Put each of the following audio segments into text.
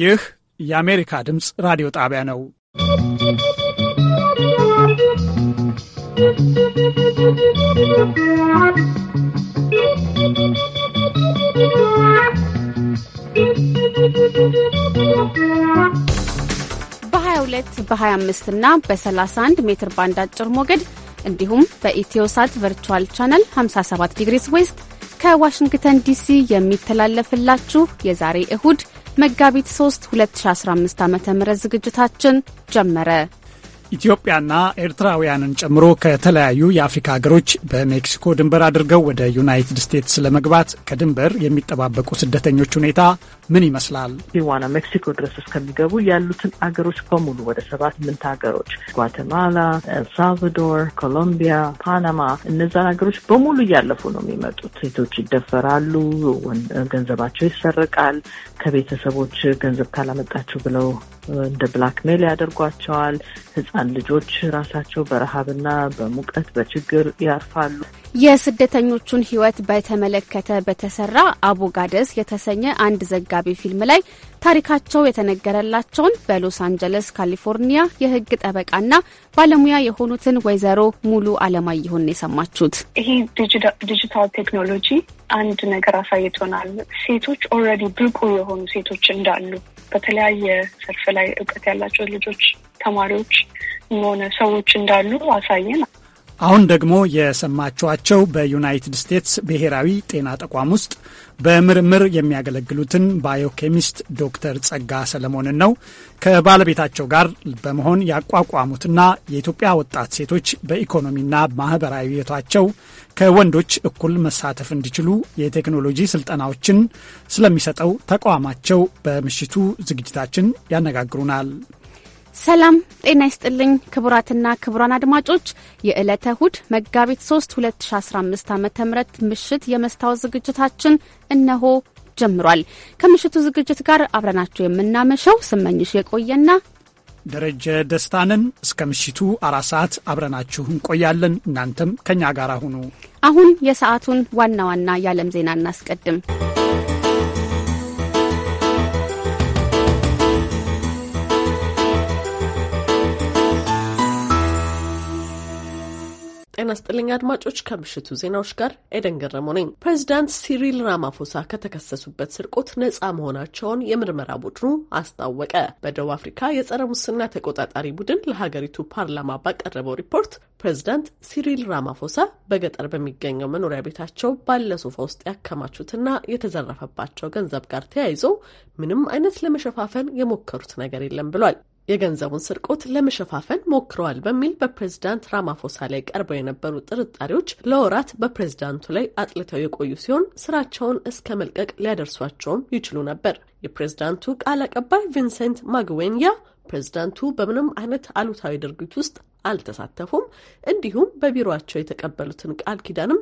ይህ የአሜሪካ ድምፅ ራዲዮ ጣቢያ ነው። በ22 በ25 እና በ31 ሜትር ባንድ አጭር ሞገድ እንዲሁም በኢትዮሳት ቨርቹዋል ቻናል 57 ዲግሪስ ዌስት ከዋሽንግተን ዲሲ የሚተላለፍላችሁ የዛሬ እሁድ መጋቢት 3 2015 ዓ ም ዝግጅታችን ጀመረ። ኢትዮጵያና ኤርትራውያንን ጨምሮ ከተለያዩ የአፍሪካ ሀገሮች በሜክሲኮ ድንበር አድርገው ወደ ዩናይትድ ስቴትስ ለመግባት ከድንበር የሚጠባበቁ ስደተኞች ሁኔታ ምን ይመስላል? ቲዋና ሜክሲኮ ድረስ እስከሚገቡ ያሉትን አገሮች በሙሉ ወደ ሰባት ምንት ሀገሮች ጓተማላ፣ ኤልሳልቫዶር፣ ኮሎምቢያ፣ ፓናማ እነዛን ሀገሮች በሙሉ እያለፉ ነው የሚመጡት። ሴቶች ይደፈራሉ፣ ገንዘባቸው ይሰረቃል። ከቤተሰቦች ገንዘብ ካላመጣችሁ ብለው እንደ ብላክሜል ያደርጓቸዋል። ህጻን ልጆች ራሳቸው በረሃብና በሙቀት በችግር ያርፋሉ። የስደተኞቹን ህይወት በተመለከተ በተሰራ አቦጋደስ የተሰኘ አንድ ዘጋቢ ፊልም ላይ ታሪካቸው የተነገረላቸውን በሎስ አንጀለስ ካሊፎርኒያ የህግ ጠበቃና ባለሙያ የሆኑትን ወይዘሮ ሙሉ አለማየሁን የሰማችሁት። ይሄ ዲጂታል ቴክኖሎጂ አንድ ነገር አሳይቶናል። ሴቶች ኦልሬዲ ብቁ የሆኑ ሴቶች እንዳሉ በተለያየ ዘርፍ ላይ እውቀት ያላቸው ልጆች፣ ተማሪዎች ሆነ ሰዎች እንዳሉ አሳየን። አሁን ደግሞ የሰማችኋቸው በዩናይትድ ስቴትስ ብሔራዊ ጤና ተቋም ውስጥ በምርምር የሚያገለግሉትን ባዮኬሚስት ዶክተር ጸጋ ሰለሞንን ነው። ከባለቤታቸው ጋር በመሆን ያቋቋሙትና የኢትዮጵያ ወጣት ሴቶች በኢኮኖሚና ማህበራዊ ሕይወታቸው ከወንዶች እኩል መሳተፍ እንዲችሉ የቴክኖሎጂ ስልጠናዎችን ስለሚሰጠው ተቋማቸው በምሽቱ ዝግጅታችን ያነጋግሩናል። ሰላም ጤና ይስጥልኝ ክቡራትና ክቡራን አድማጮች የዕለተ እሁድ መጋቢት 3 2015 ዓ ም ምሽት የመስታወት ዝግጅታችን እነሆ ጀምሯል። ከምሽቱ ዝግጅት ጋር አብረናችሁ የምናመሸው ስመኝሽ የቆየና ደረጀ ደስታንን እስከ ምሽቱ አራት ሰዓት አብረናችሁ እንቆያለን። እናንተም ከእኛ ጋር ሁኑ። አሁን የሰዓቱን ዋና ዋና የዓለም ዜና እናስቀድም። ጤና ስጥልኝ አድማጮች፣ ከምሽቱ ዜናዎች ጋር ኤደን ገረሞ ነኝ። ፕሬዚዳንት ሲሪል ራማፎሳ ከተከሰሱበት ስርቆት ነጻ መሆናቸውን የምርመራ ቡድኑ አስታወቀ። በደቡብ አፍሪካ የጸረ ሙስና ተቆጣጣሪ ቡድን ለሀገሪቱ ፓርላማ ባቀረበው ሪፖርት ፕሬዚዳንት ሲሪል ራማፎሳ በገጠር በሚገኘው መኖሪያ ቤታቸው ባለ ሶፋ ውስጥ ያከማቹትና የተዘረፈባቸው ገንዘብ ጋር ተያይዞ ምንም አይነት ለመሸፋፈን የሞከሩት ነገር የለም ብሏል። የገንዘቡን ስርቆት ለመሸፋፈን ሞክረዋል በሚል በፕሬዝዳንት ራማፎሳ ላይ ቀርበው የነበሩ ጥርጣሬዎች ለወራት በፕሬዝዳንቱ ላይ አጥልተው የቆዩ ሲሆን ስራቸውን እስከ መልቀቅ ሊያደርሷቸውም ይችሉ ነበር። የፕሬዝዳንቱ ቃል አቀባይ ቪንሰንት ማግዌንያ ፕሬዝዳንቱ በምንም አይነት አሉታዊ ድርጊት ውስጥ አልተሳተፉም፣ እንዲሁም በቢሮቸው የተቀበሉትን ቃል ኪዳንም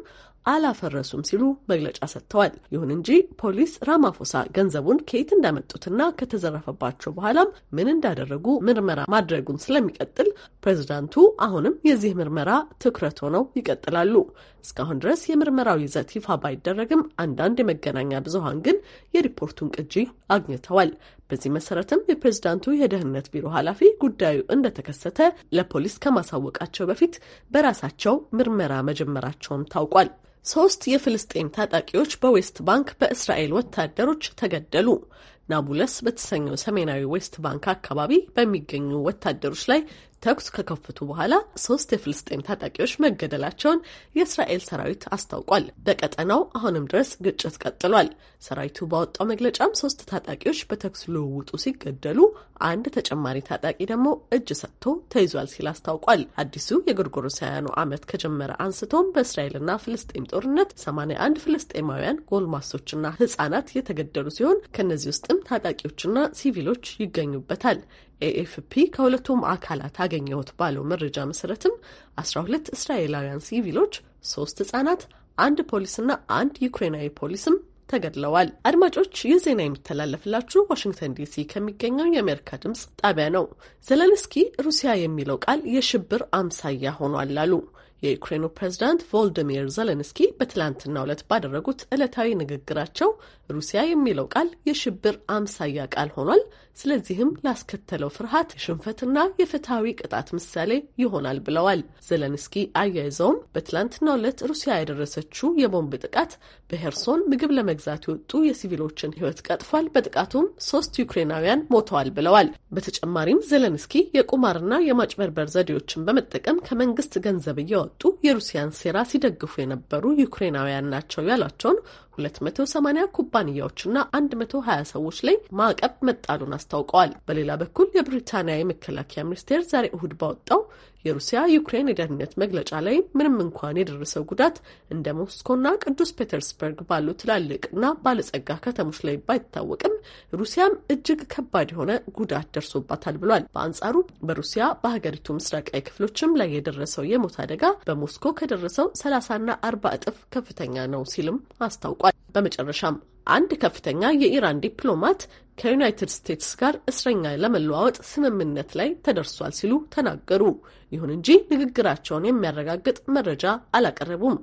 አላፈረሱም ሲሉ መግለጫ ሰጥተዋል። ይሁን እንጂ ፖሊስ ራማፎሳ ገንዘቡን ከየት እንዳመጡትና ከተዘረፈባቸው በኋላም ምን እንዳደረጉ ምርመራ ማድረጉን ስለሚቀጥል ፕሬዝዳንቱ አሁንም የዚህ ምርመራ ትኩረት ሆነው ይቀጥላሉ። እስካሁን ድረስ የምርመራው ይዘት ይፋ ባይደረግም አንዳንድ የመገናኛ ብዙሃን ግን የሪፖርቱን ቅጂ አግኝተዋል። በዚህ መሰረትም የፕሬዝዳንቱ የደህንነት ቢሮ ኃላፊ ጉዳዩ እንደተከሰተ ለፖሊስ ከማሳወቃቸው በፊት በራሳቸው ምርመራ መጀመራቸውም ታውቋል። ሶስት የፍልስጤም ታጣቂዎች በዌስት ባንክ በእስራኤል ወታደሮች ተገደሉ። ናቡለስ በተሰኘው ሰሜናዊ ዌስት ባንክ አካባቢ በሚገኙ ወታደሮች ላይ ተኩስ ከከፈቱ በኋላ ሶስት የፍልስጤም ታጣቂዎች መገደላቸውን የእስራኤል ሰራዊት አስታውቋል። በቀጠናው አሁንም ድረስ ግጭት ቀጥሏል። ሰራዊቱ ባወጣው መግለጫም ሶስት ታጣቂዎች በተኩስ ልውውጡ ሲገደሉ፣ አንድ ተጨማሪ ታጣቂ ደግሞ እጅ ሰጥቶ ተይዟል ሲል አስታውቋል። አዲሱ የጎርጎሮሳውያኑ ዓመት ከጀመረ አንስቶም በእስራኤልና ፍልስጤም ጦርነት 81 ፍልስጤማውያን ጎልማሶችና ህጻናት የተገደሉ ሲሆን ከእነዚህ ውስጥም ታጣቂዎችና ሲቪሎች ይገኙበታል። ኤኤፍፒ ከሁለቱም አካላት አገኘሁት ባለው መረጃ መሰረትም አስራ ሁለት እስራኤላውያን ሲቪሎች፣ ሶስት ህጻናት፣ አንድ ፖሊስና አንድ ዩክሬናዊ ፖሊስም ተገድለዋል። አድማጮች ይህ ዜና የሚተላለፍላችሁ ዋሽንግተን ዲሲ ከሚገኘው የአሜሪካ ድምጽ ጣቢያ ነው። ዘለንስኪ ሩሲያ የሚለው ቃል የሽብር አምሳያ ሆኗል አሉ። የዩክሬኑ ፕሬዝዳንት ቮልዲሚር ዘለንስኪ በትላንትናው ዕለት ባደረጉት ዕለታዊ ንግግራቸው ሩሲያ የሚለው ቃል የሽብር አምሳያ ቃል ሆኗል፣ ስለዚህም ላስከተለው ፍርሃት ሽንፈትና የፍትሐዊ ቅጣት ምሳሌ ይሆናል ብለዋል። ዘለንስኪ አያይዘውም በትላንትናው ዕለት ሩሲያ ያደረሰችው የቦምብ ጥቃት በሄርሶን ምግብ ለመግዛት የወጡ የሲቪሎችን ሕይወት ቀጥፏል። በጥቃቱም ሶስት ዩክሬናውያን ሞተዋል ብለዋል። በተጨማሪም ዘለንስኪ የቁማርና የማጭበርበር ዘዴዎችን በመጠቀም ከመንግስት ገንዘብ እያወጡ የሩሲያን ሴራ ሲደግፉ የነበሩ ዩክሬናውያን ናቸው ያሏቸውን 280 ኩባንያዎችና 120 ሰዎች ላይ ማዕቀብ መጣሉን አስታውቀዋል። በሌላ በኩል የብሪታንያ የመከላከያ ሚኒስቴር ዛሬ እሁድ ባወጣው የሩሲያ ዩክሬን የደህንነት መግለጫ ላይ ምንም እንኳን የደረሰው ጉዳት እንደ ሞስኮና ቅዱስ ፔተርስበርግ ባሉ ትላልቅና ባለጸጋ ከተሞች ላይ ባይታወቅም ሩሲያም እጅግ ከባድ የሆነ ጉዳት ደርሶባታል ብሏል። በአንጻሩ በሩሲያ በሀገሪቱ ምስራቃዊ ክፍሎችም ላይ የደረሰው የሞት አደጋ በሞስኮ ከደረሰው ሰላሳና አርባ እጥፍ ከፍተኛ ነው ሲልም አስታውቋል። በመጨረሻም አንድ ከፍተኛ የኢራን ዲፕሎማት ከዩናይትድ ስቴትስ ጋር እስረኛ ለመለዋወጥ ስምምነት ላይ ተደርሷል ሲሉ ተናገሩ። ይሁን እንጂ ንግግራቸውን የሚያረጋግጥ መረጃ አላቀረቡም።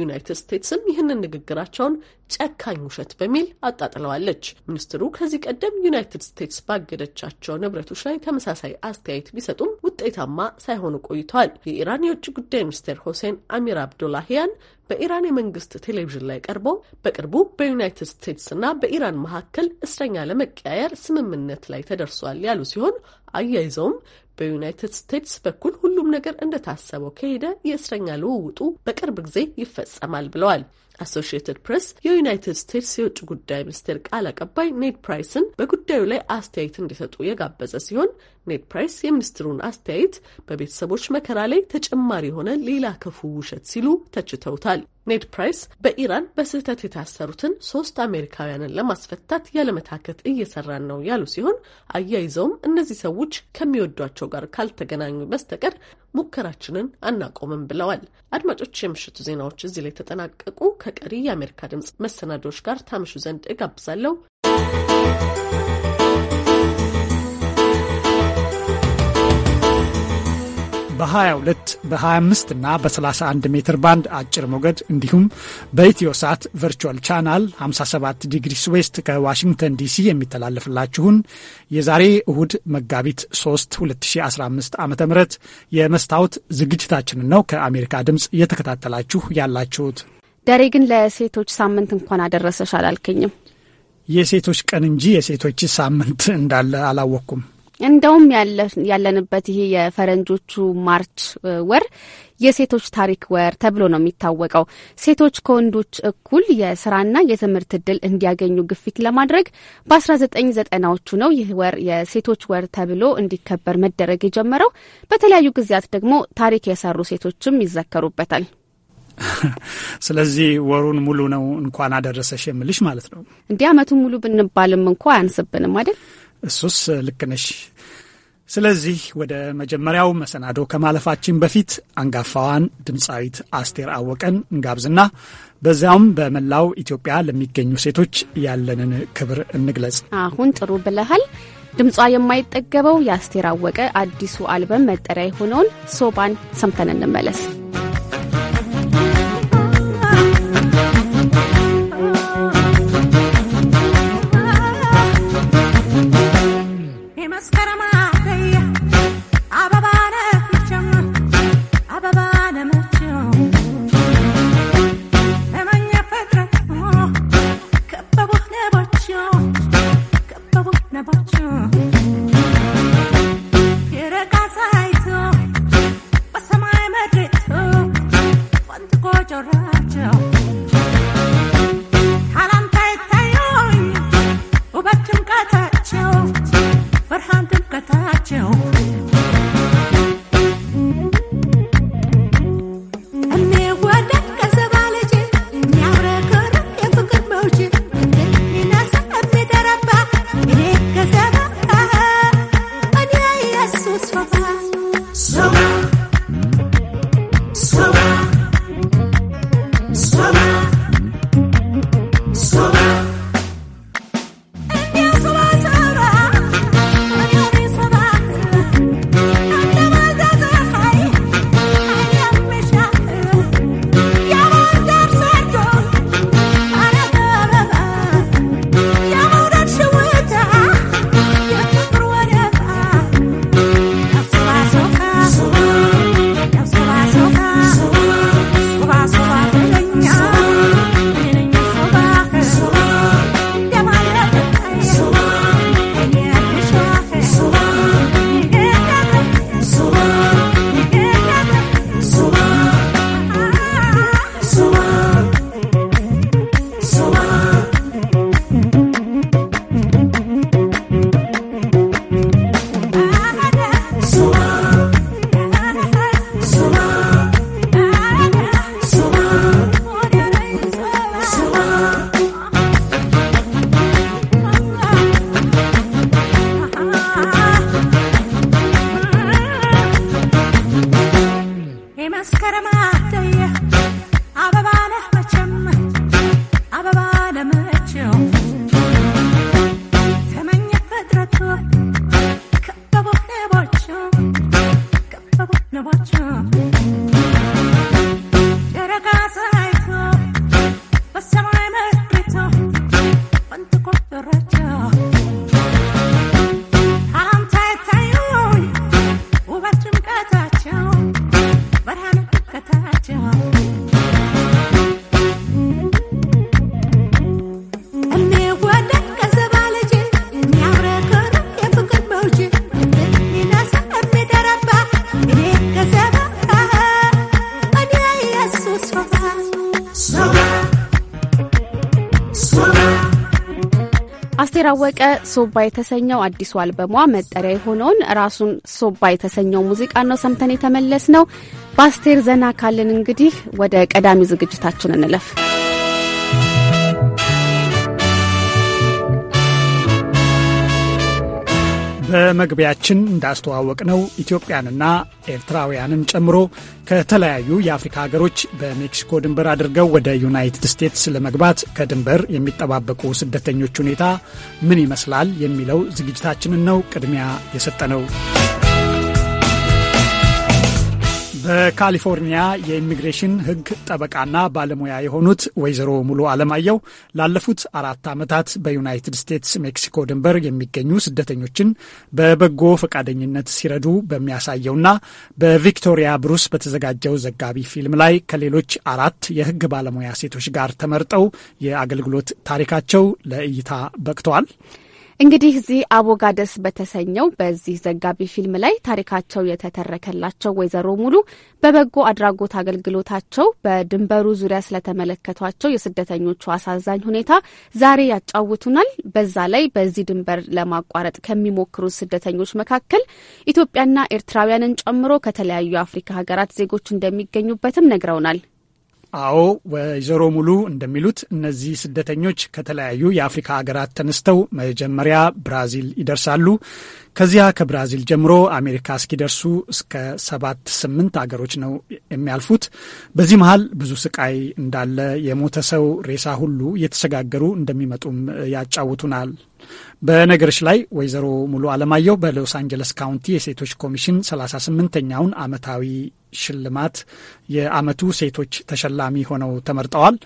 ዩናይትድ ስቴትስም ይህንን ንግግራቸውን ጨካኝ ውሸት በሚል አጣጥለዋለች። ሚኒስትሩ ከዚህ ቀደም ዩናይትድ ስቴትስ ባገደቻቸው ንብረቶች ላይ ተመሳሳይ አስተያየት ቢሰጡም ውጤታማ ሳይሆኑ ቆይተዋል። የኢራን የውጭ ጉዳይ ሚኒስትር ሆሴን አሚር አብዶላሂያን በኢራን የመንግስት ቴሌቪዥን ላይ ቀርቦ በቅርቡ በዩናይትድ ስቴትስና በኢራን መካከል እስረኛ ለመቀያየር ስምምነት ላይ ተደርሷል ያሉ ሲሆን አያይዘውም በዩናይትድ ስቴትስ በኩል ሁሉም ነገር እንደታሰበው ከሄደ የእስረኛ ልውውጡ በቅርብ ጊዜ ይፈጸማል ብለዋል። አሶሽየትድ ፕሬስ የዩናይትድ ስቴትስ የውጭ ጉዳይ ሚኒስቴር ቃል አቀባይ ኔድ ፕራይስን በጉዳዩ ላይ አስተያየት እንዲሰጡ የጋበዘ ሲሆን ኔድ ፕራይስ የሚኒስትሩን አስተያየት በቤተሰቦች መከራ ላይ ተጨማሪ የሆነ ሌላ ክፉ ውሸት ሲሉ ተችተውታል። ኔድ ፕራይስ በኢራን በስህተት የታሰሩትን ሶስት አሜሪካውያንን ለማስፈታት ያለመታከት እየሰራን ነው ያሉ ሲሆን አያይዘውም እነዚህ ሰዎች ከሚወዷቸው ጋር ካልተገናኙ በስተቀር ሙከራችንን አናቆምም ብለዋል። አድማጮች፣ የምሽቱ ዜናዎች እዚህ ላይ ተጠናቀቁ። ከቀሪ የአሜሪካ ድምፅ መሰናዶዎች ጋር ታምሹ ዘንድ እጋብዛለሁ። በ22 በ25 እና በ31 ሜትር ባንድ አጭር ሞገድ እንዲሁም በኢትዮ ሳት ቨርቹዋል ቻናል 57 ዲግሪ ዌስት ከዋሽንግተን ዲሲ የሚተላለፍላችሁን የዛሬ እሁድ መጋቢት 3 2015 ዓ ም የመስታወት ዝግጅታችንን ነው ከአሜሪካ ድምፅ እየተከታተላችሁ ያላችሁት። ዳሬ ግን ለሴቶች ሳምንት እንኳን አደረሰሽ አላልከኝም። የሴቶች ቀን እንጂ የሴቶች ሳምንት እንዳለ አላወቅኩም። እንደውም ያለንበት ይሄ የፈረንጆቹ ማርች ወር የሴቶች ታሪክ ወር ተብሎ ነው የሚታወቀው። ሴቶች ከወንዶች እኩል የስራና የትምህርት እድል እንዲያገኙ ግፊት ለማድረግ በ1990ዎቹ ነው ይህ ወር የሴቶች ወር ተብሎ እንዲከበር መደረግ የጀመረው። በተለያዩ ጊዜያት ደግሞ ታሪክ የሰሩ ሴቶችም ይዘከሩበታል። ስለዚህ ወሩን ሙሉ ነው እንኳን አደረሰሽ የምልሽ ማለት ነው። እንዲህ አመቱን ሙሉ ብንባልም እንኳ አያንስብንም አይደል? እሱስ ልክ ነሽ። ስለዚህ ወደ መጀመሪያው መሰናዶ ከማለፋችን በፊት አንጋፋዋን ድምፃዊት አስቴር አወቀን እንጋብዝና በዚያውም በመላው ኢትዮጵያ ለሚገኙ ሴቶች ያለንን ክብር እንግለጽ። አሁን ጥሩ ብለሃል። ድምጿ የማይጠገበው የአስቴር አወቀ አዲሱ አልበም መጠሪያ የሆነውን ሶባን ሰምተን እንመለስ። Ciao. ታወቀ ሶባ የተሰኘው አዲሱ አልበሟ መጠሪያ የሆነውን ራሱን ሶባ የተሰኘው ሙዚቃ ነው ሰምተን የተመለስ ነው። በአስቴር ዘና ካልን እንግዲህ ወደ ቀዳሚ ዝግጅታችን እንለፍ። በመግቢያችን እንዳስተዋወቅ ነው ኢትዮጵያንና ኤርትራውያንን ጨምሮ ከተለያዩ የአፍሪካ ሀገሮች በሜክሲኮ ድንበር አድርገው ወደ ዩናይትድ ስቴትስ ለመግባት ከድንበር የሚጠባበቁ ስደተኞች ሁኔታ ምን ይመስላል የሚለው ዝግጅታችንን ነው ቅድሚያ የሰጠ ነው። በካሊፎርኒያ የኢሚግሬሽን ሕግ ጠበቃና ባለሙያ የሆኑት ወይዘሮ ሙሉ አለማየሁ ላለፉት አራት ዓመታት በዩናይትድ ስቴትስ ሜክሲኮ ድንበር የሚገኙ ስደተኞችን በበጎ ፈቃደኝነት ሲረዱ በሚያሳየውና በቪክቶሪያ ብሩስ በተዘጋጀው ዘጋቢ ፊልም ላይ ከሌሎች አራት የሕግ ባለሙያ ሴቶች ጋር ተመርጠው የአገልግሎት ታሪካቸው ለእይታ በቅተዋል። እንግዲህ እዚህ አቦጋደስ በተሰኘው በዚህ ዘጋቢ ፊልም ላይ ታሪካቸው የተተረከላቸው ወይዘሮ ሙሉ በበጎ አድራጎት አገልግሎታቸው በድንበሩ ዙሪያ ስለተመለከቷቸው የስደተኞቹ አሳዛኝ ሁኔታ ዛሬ ያጫውቱናል። በዛ ላይ በዚህ ድንበር ለማቋረጥ ከሚሞክሩ ስደተኞች መካከል ኢትዮጵያና ኤርትራውያንን ጨምሮ ከተለያዩ የአፍሪካ ሀገራት ዜጎች እንደሚገኙበትም ነግረውናል። አዎ፣ ወይዘሮ ሙሉ እንደሚሉት እነዚህ ስደተኞች ከተለያዩ የአፍሪካ ሀገራት ተነስተው መጀመሪያ ብራዚል ይደርሳሉ። ከዚያ ከብራዚል ጀምሮ አሜሪካ እስኪደርሱ እስከ ሰባት ስምንት አገሮች ነው የሚያልፉት። በዚህ መሀል ብዙ ስቃይ እንዳለ፣ የሞተ ሰው ሬሳ ሁሉ እየተሸጋገሩ እንደሚመጡም ያጫውቱናል። በነገሮች ላይ ወይዘሮ ሙሉ አለማየሁ በሎስ አንጀለስ ካውንቲ የሴቶች ኮሚሽን ሰላሳ ስምንተኛውን አመታዊ ሽልማት የአመቱ ሴቶች ተሸላሚ ሆነው ተመርጠዋል።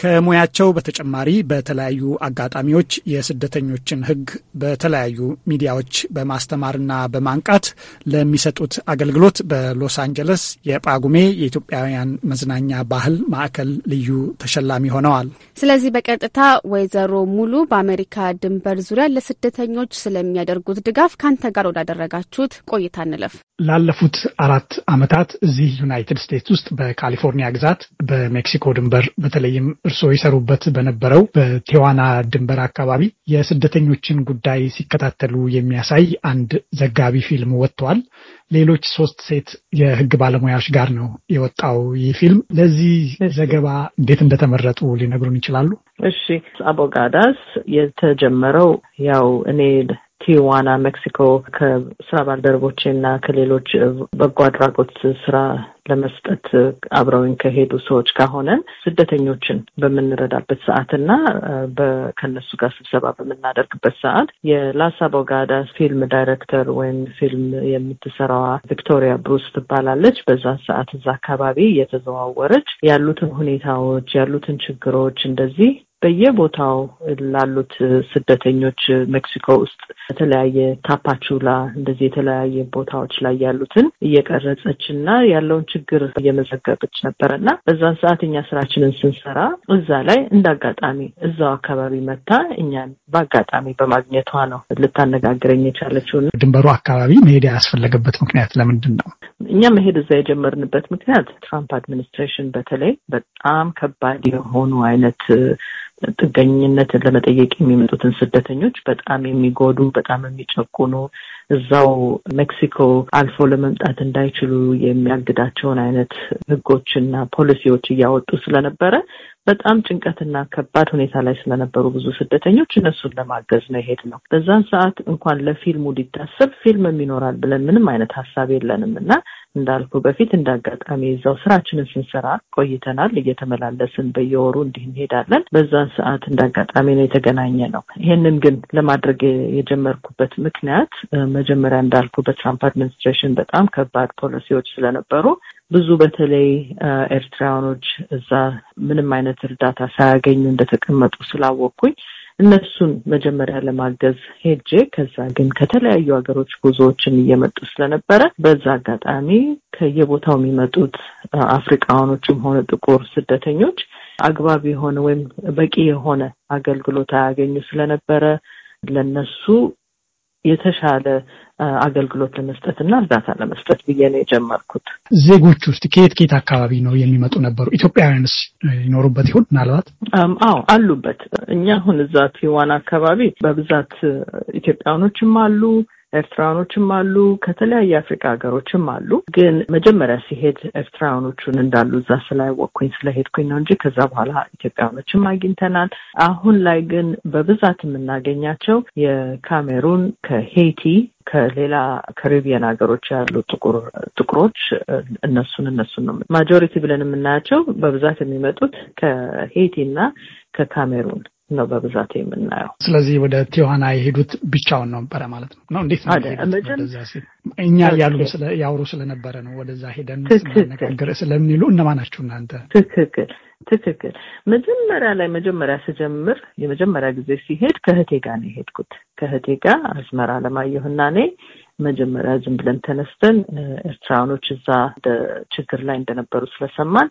ከሙያቸው በተጨማሪ በተለያዩ አጋጣሚዎች የስደተኞችን ሕግ በተለያዩ ሚዲያዎች በማስተማርና በማንቃት ለሚሰጡት አገልግሎት በሎስ አንጀለስ የጳጉሜ የኢትዮጵያውያን መዝናኛ ባህል ማዕከል ልዩ ተሸላሚ ሆነዋል። ስለዚህ በቀጥታ ወይዘሮ ሙሉ በአሜሪካ ድንበር ዙሪያ ለስደተኞች ስለሚያደርጉት ድጋፍ ከአንተ ጋር ወዳደረጋችሁት ቆይታ እንለፍ። ላለፉት አራት ዓመታት እዚህ ዩናይትድ ስቴትስ ውስጥ በካሊፎርኒያ ግዛት በሜክሲኮ ድንበር በተለይም እርስዎ ይሰሩበት በነበረው በቴዋና ድንበር አካባቢ የስደተኞችን ጉዳይ ሲከታተሉ የሚያሳይ አንድ ዘጋቢ ፊልም ወጥተዋል። ሌሎች ሶስት ሴት የህግ ባለሙያዎች ጋር ነው የወጣው ይህ ፊልም። ለዚህ ዘገባ እንዴት እንደተመረጡ ሊነግሩን ይችላሉ? እሺ፣ አቦጋዳስ የተጀመረው ያው እኔ ቲዋና ሜክሲኮ ከስራ ባልደረቦቼ እና ከሌሎች በጎ አድራጎት ስራ ለመስጠት አብረውኝ ከሄዱ ሰዎች ከሆነን ስደተኞችን በምንረዳበት ሰዓት እና ከነሱ ጋር ስብሰባ በምናደርግበት ሰዓት የላስ ፊልም ዳይሬክተር ወይም ፊልም የምትሰራዋ ቪክቶሪያ ብሩስ ትባላለች። በዛ ሰዓት እዛ አካባቢ እየተዘዋወረች ያሉትን ሁኔታዎች ያሉትን ችግሮች እንደዚህ በየቦታው ላሉት ስደተኞች ሜክሲኮ ውስጥ በተለያየ ታፓቹላ እንደዚህ የተለያየ ቦታዎች ላይ ያሉትን እየቀረጸች እና ያለውን ችግር እየመዘገበች ነበረ እና በዛን ሰዓት እኛ ስራችንን ስንሰራ እዛ ላይ እንደ አጋጣሚ እዛው አካባቢ መታ እኛን በአጋጣሚ በማግኘቷ ነው ልታነጋግረኝ የቻለችው። ድንበሩ አካባቢ መሄድ ያስፈለገበት ምክንያት ለምንድን ነው? እኛ መሄድ እዛ የጀመርንበት ምክንያት ትራምፕ አድሚኒስትሬሽን በተለይ በጣም ከባድ የሆኑ አይነት ጥገኝነት ለመጠየቅ የሚመጡትን ስደተኞች በጣም የሚጎዱ በጣም የሚጨቁኑ እዛው ሜክሲኮ አልፎ ለመምጣት እንዳይችሉ የሚያግዳቸውን አይነት ሕጎችና ፖሊሲዎች እያወጡ ስለነበረ በጣም ጭንቀትና ከባድ ሁኔታ ላይ ስለነበሩ ብዙ ስደተኞች እነሱን ለማገዝ ነው ይሄድ ነው። በዛን ሰዓት እንኳን ለፊልሙ ሊታሰብ ፊልምም ይኖራል ብለን ምንም አይነት ሀሳብ የለንም እና እንዳልኩ በፊት እንዳጋጣሚ እዛው ስራችንን ስንሰራ ቆይተናል። እየተመላለስን በየወሩ እንዲህ እንሄዳለን። በዛን ሰዓት እንዳጋጣሚ ነው የተገናኘ ነው። ይህንን ግን ለማድረግ የጀመርኩበት ምክንያት መጀመሪያ እንዳልኩ በትራምፕ አድሚኒስትሬሽን በጣም ከባድ ፖሊሲዎች ስለነበሩ ብዙ በተለይ ኤርትራውያኖች እዛ ምንም አይነት እርዳታ ሳያገኙ እንደተቀመጡ ስላወቅኩኝ እነሱን መጀመሪያ ለማገዝ ሄጄ ከዛ ግን ከተለያዩ ሀገሮች ጉዞዎችን እየመጡ ስለነበረ በዛ አጋጣሚ ከየቦታው የሚመጡት አፍሪካውያኖችም ሆነ ጥቁር ስደተኞች አግባብ የሆነ ወይም በቂ የሆነ አገልግሎት አያገኙ ስለነበረ ለነሱ የተሻለ አገልግሎት ለመስጠት እና እርዳታ ለመስጠት ብዬ ነው የጀመርኩት። ዜጎች ውስጥ ከየት ከየት አካባቢ ነው የሚመጡ ነበሩ? ኢትዮጵያውያንስ ይኖሩበት ይሆን? ምናልባት አዎ፣ አሉበት። እኛ አሁን እዛ ቲዋና አካባቢ በብዛት ኢትዮጵያውያኖችም አሉ ኤርትራውያኖችም አሉ፣ ከተለያዩ የአፍሪካ ሀገሮችም አሉ። ግን መጀመሪያ ሲሄድ ኤርትራውያኖቹን እንዳሉ እዛ ስላወቅኩኝ ስለሄድኩኝ ነው እንጂ ከዛ በኋላ ኢትዮጵያውያኖችም አግኝተናል። አሁን ላይ ግን በብዛት የምናገኛቸው የካሜሩን ከሄይቲ ከሌላ ካሪቢያን ሀገሮች ያሉ ጥቁር ጥቁሮች እነሱን እነሱን ነው ማጆሪቲ ብለን የምናያቸው በብዛት የሚመጡት ከሄይቲ እና ከካሜሩን ነው በብዛት የምናየው። ስለዚህ ወደ ቲዋና የሄዱት ብቻውን ነበረ ማለት ነው ነው እንዴት እኛ እያሉ ያውሩ ስለነበረ ነው ወደዛ ሄደን ስናነጋግር ስለሚሉ እነማ ናችሁ እናንተ? ትክክል ትክክል። መጀመሪያ ላይ መጀመሪያ ስጀምር የመጀመሪያ ጊዜ ሲሄድ ከእህቴ ጋር ነው የሄድኩት። ከእህቴ ጋር አዝመራ አለማየሁና እኔ መጀመሪያ ዝም ብለን ተነስተን ኤርትራውኖች እዛ ችግር ላይ እንደነበሩ ስለሰማን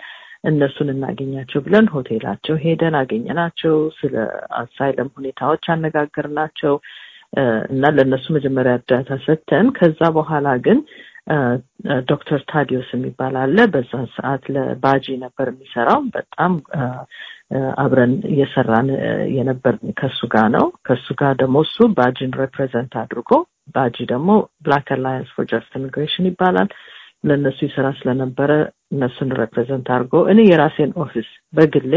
እነሱን እናገኛቸው ብለን ሆቴላቸው ሄደን አገኘናቸው። ስለ አሳይለም ሁኔታዎች አነጋገርናቸው እና ለእነሱ መጀመሪያ እርዳታ ሰጥተን ከዛ በኋላ ግን ዶክተር ታዲዮስ የሚባል አለ። በዛ ሰዓት ለባጂ ነበር የሚሰራው። በጣም አብረን እየሰራን የነበር ከሱ ጋር ነው። ከሱ ጋር ደግሞ እሱ ባጂን ሬፕሬዘንት አድርጎ ባጂ ደግሞ ብላክ አላያንስ ፎር ጀስት ኢሚግሬሽን ይባላል። ለእነሱ ይሰራ ስለነበረ እነሱን ሬፕሬዘንት አድርጎ እኔ የራሴን ኦፊስ በግሌ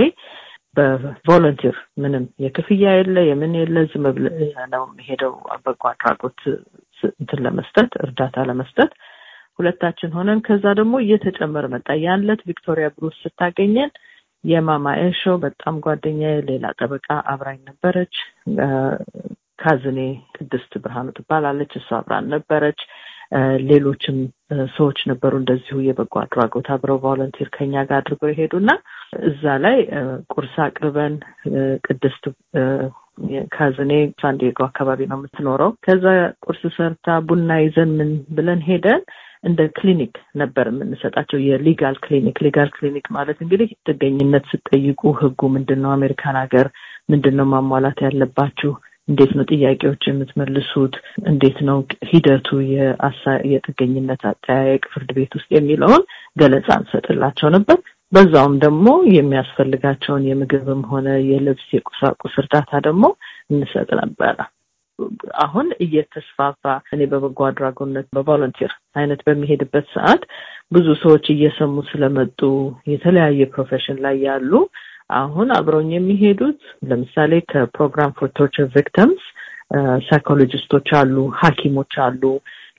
በቮለንቲር ምንም የክፍያ የለ የምን የለ ዝም ብለህ ነው የሄደው በጎ አድራጎት እንትን ለመስጠት እርዳታ ለመስጠት ሁለታችን ሆነን ከዛ ደግሞ እየተጨመረ መጣ። ያን ቪክቶሪያ ብሩስ ስታገኘን የማማ ኤሾ በጣም ጓደኛ ሌላ ጠበቃ አብራኝ ነበረች። ካዝኔ ቅድስት ብርሃኑ ትባላለች። እሷ አብራን ነበረች። ሌሎችም ሰዎች ነበሩ እንደዚሁ የበጎ አድራጎት አብረው ቮለንቲር ከኛ ጋር አድርገው የሄዱና እዛ ላይ ቁርስ አቅርበን ቅድስት ካዝኔ ሳንዲጎ አካባቢ ነው የምትኖረው። ከዛ ቁርስ ሰርታ ቡና ይዘን ምን ብለን ሄደን እንደ ክሊኒክ ነበር የምንሰጣቸው የሊጋል ክሊኒክ። ሊጋል ክሊኒክ ማለት እንግዲህ ጥገኝነት ስጠይቁ ህጉ ምንድን ነው፣ አሜሪካን ሀገር ምንድን ነው ማሟላት ያለባችሁ እንዴት ነው ጥያቄዎች የምትመልሱት፣ እንዴት ነው ሂደቱ የጥገኝነት አጠያየቅ ፍርድ ቤት ውስጥ የሚለውን ገለጻ እንሰጥላቸው ነበር። በዛውም ደግሞ የሚያስፈልጋቸውን የምግብም ሆነ የልብስ የቁሳቁስ እርዳታ ደግሞ እንሰጥ ነበረ። አሁን እየተስፋፋ እኔ በበጎ አድራጎነት በቮለንቲር አይነት በሚሄድበት ሰዓት ብዙ ሰዎች እየሰሙ ስለመጡ የተለያየ ፕሮፌሽን ላይ ያሉ አሁን አብረውኝ የሚሄዱት ለምሳሌ ከፕሮግራም ፎር ቶርቸር ቪክተምስ ሳይኮሎጂስቶች አሉ፣ ሐኪሞች አሉ፣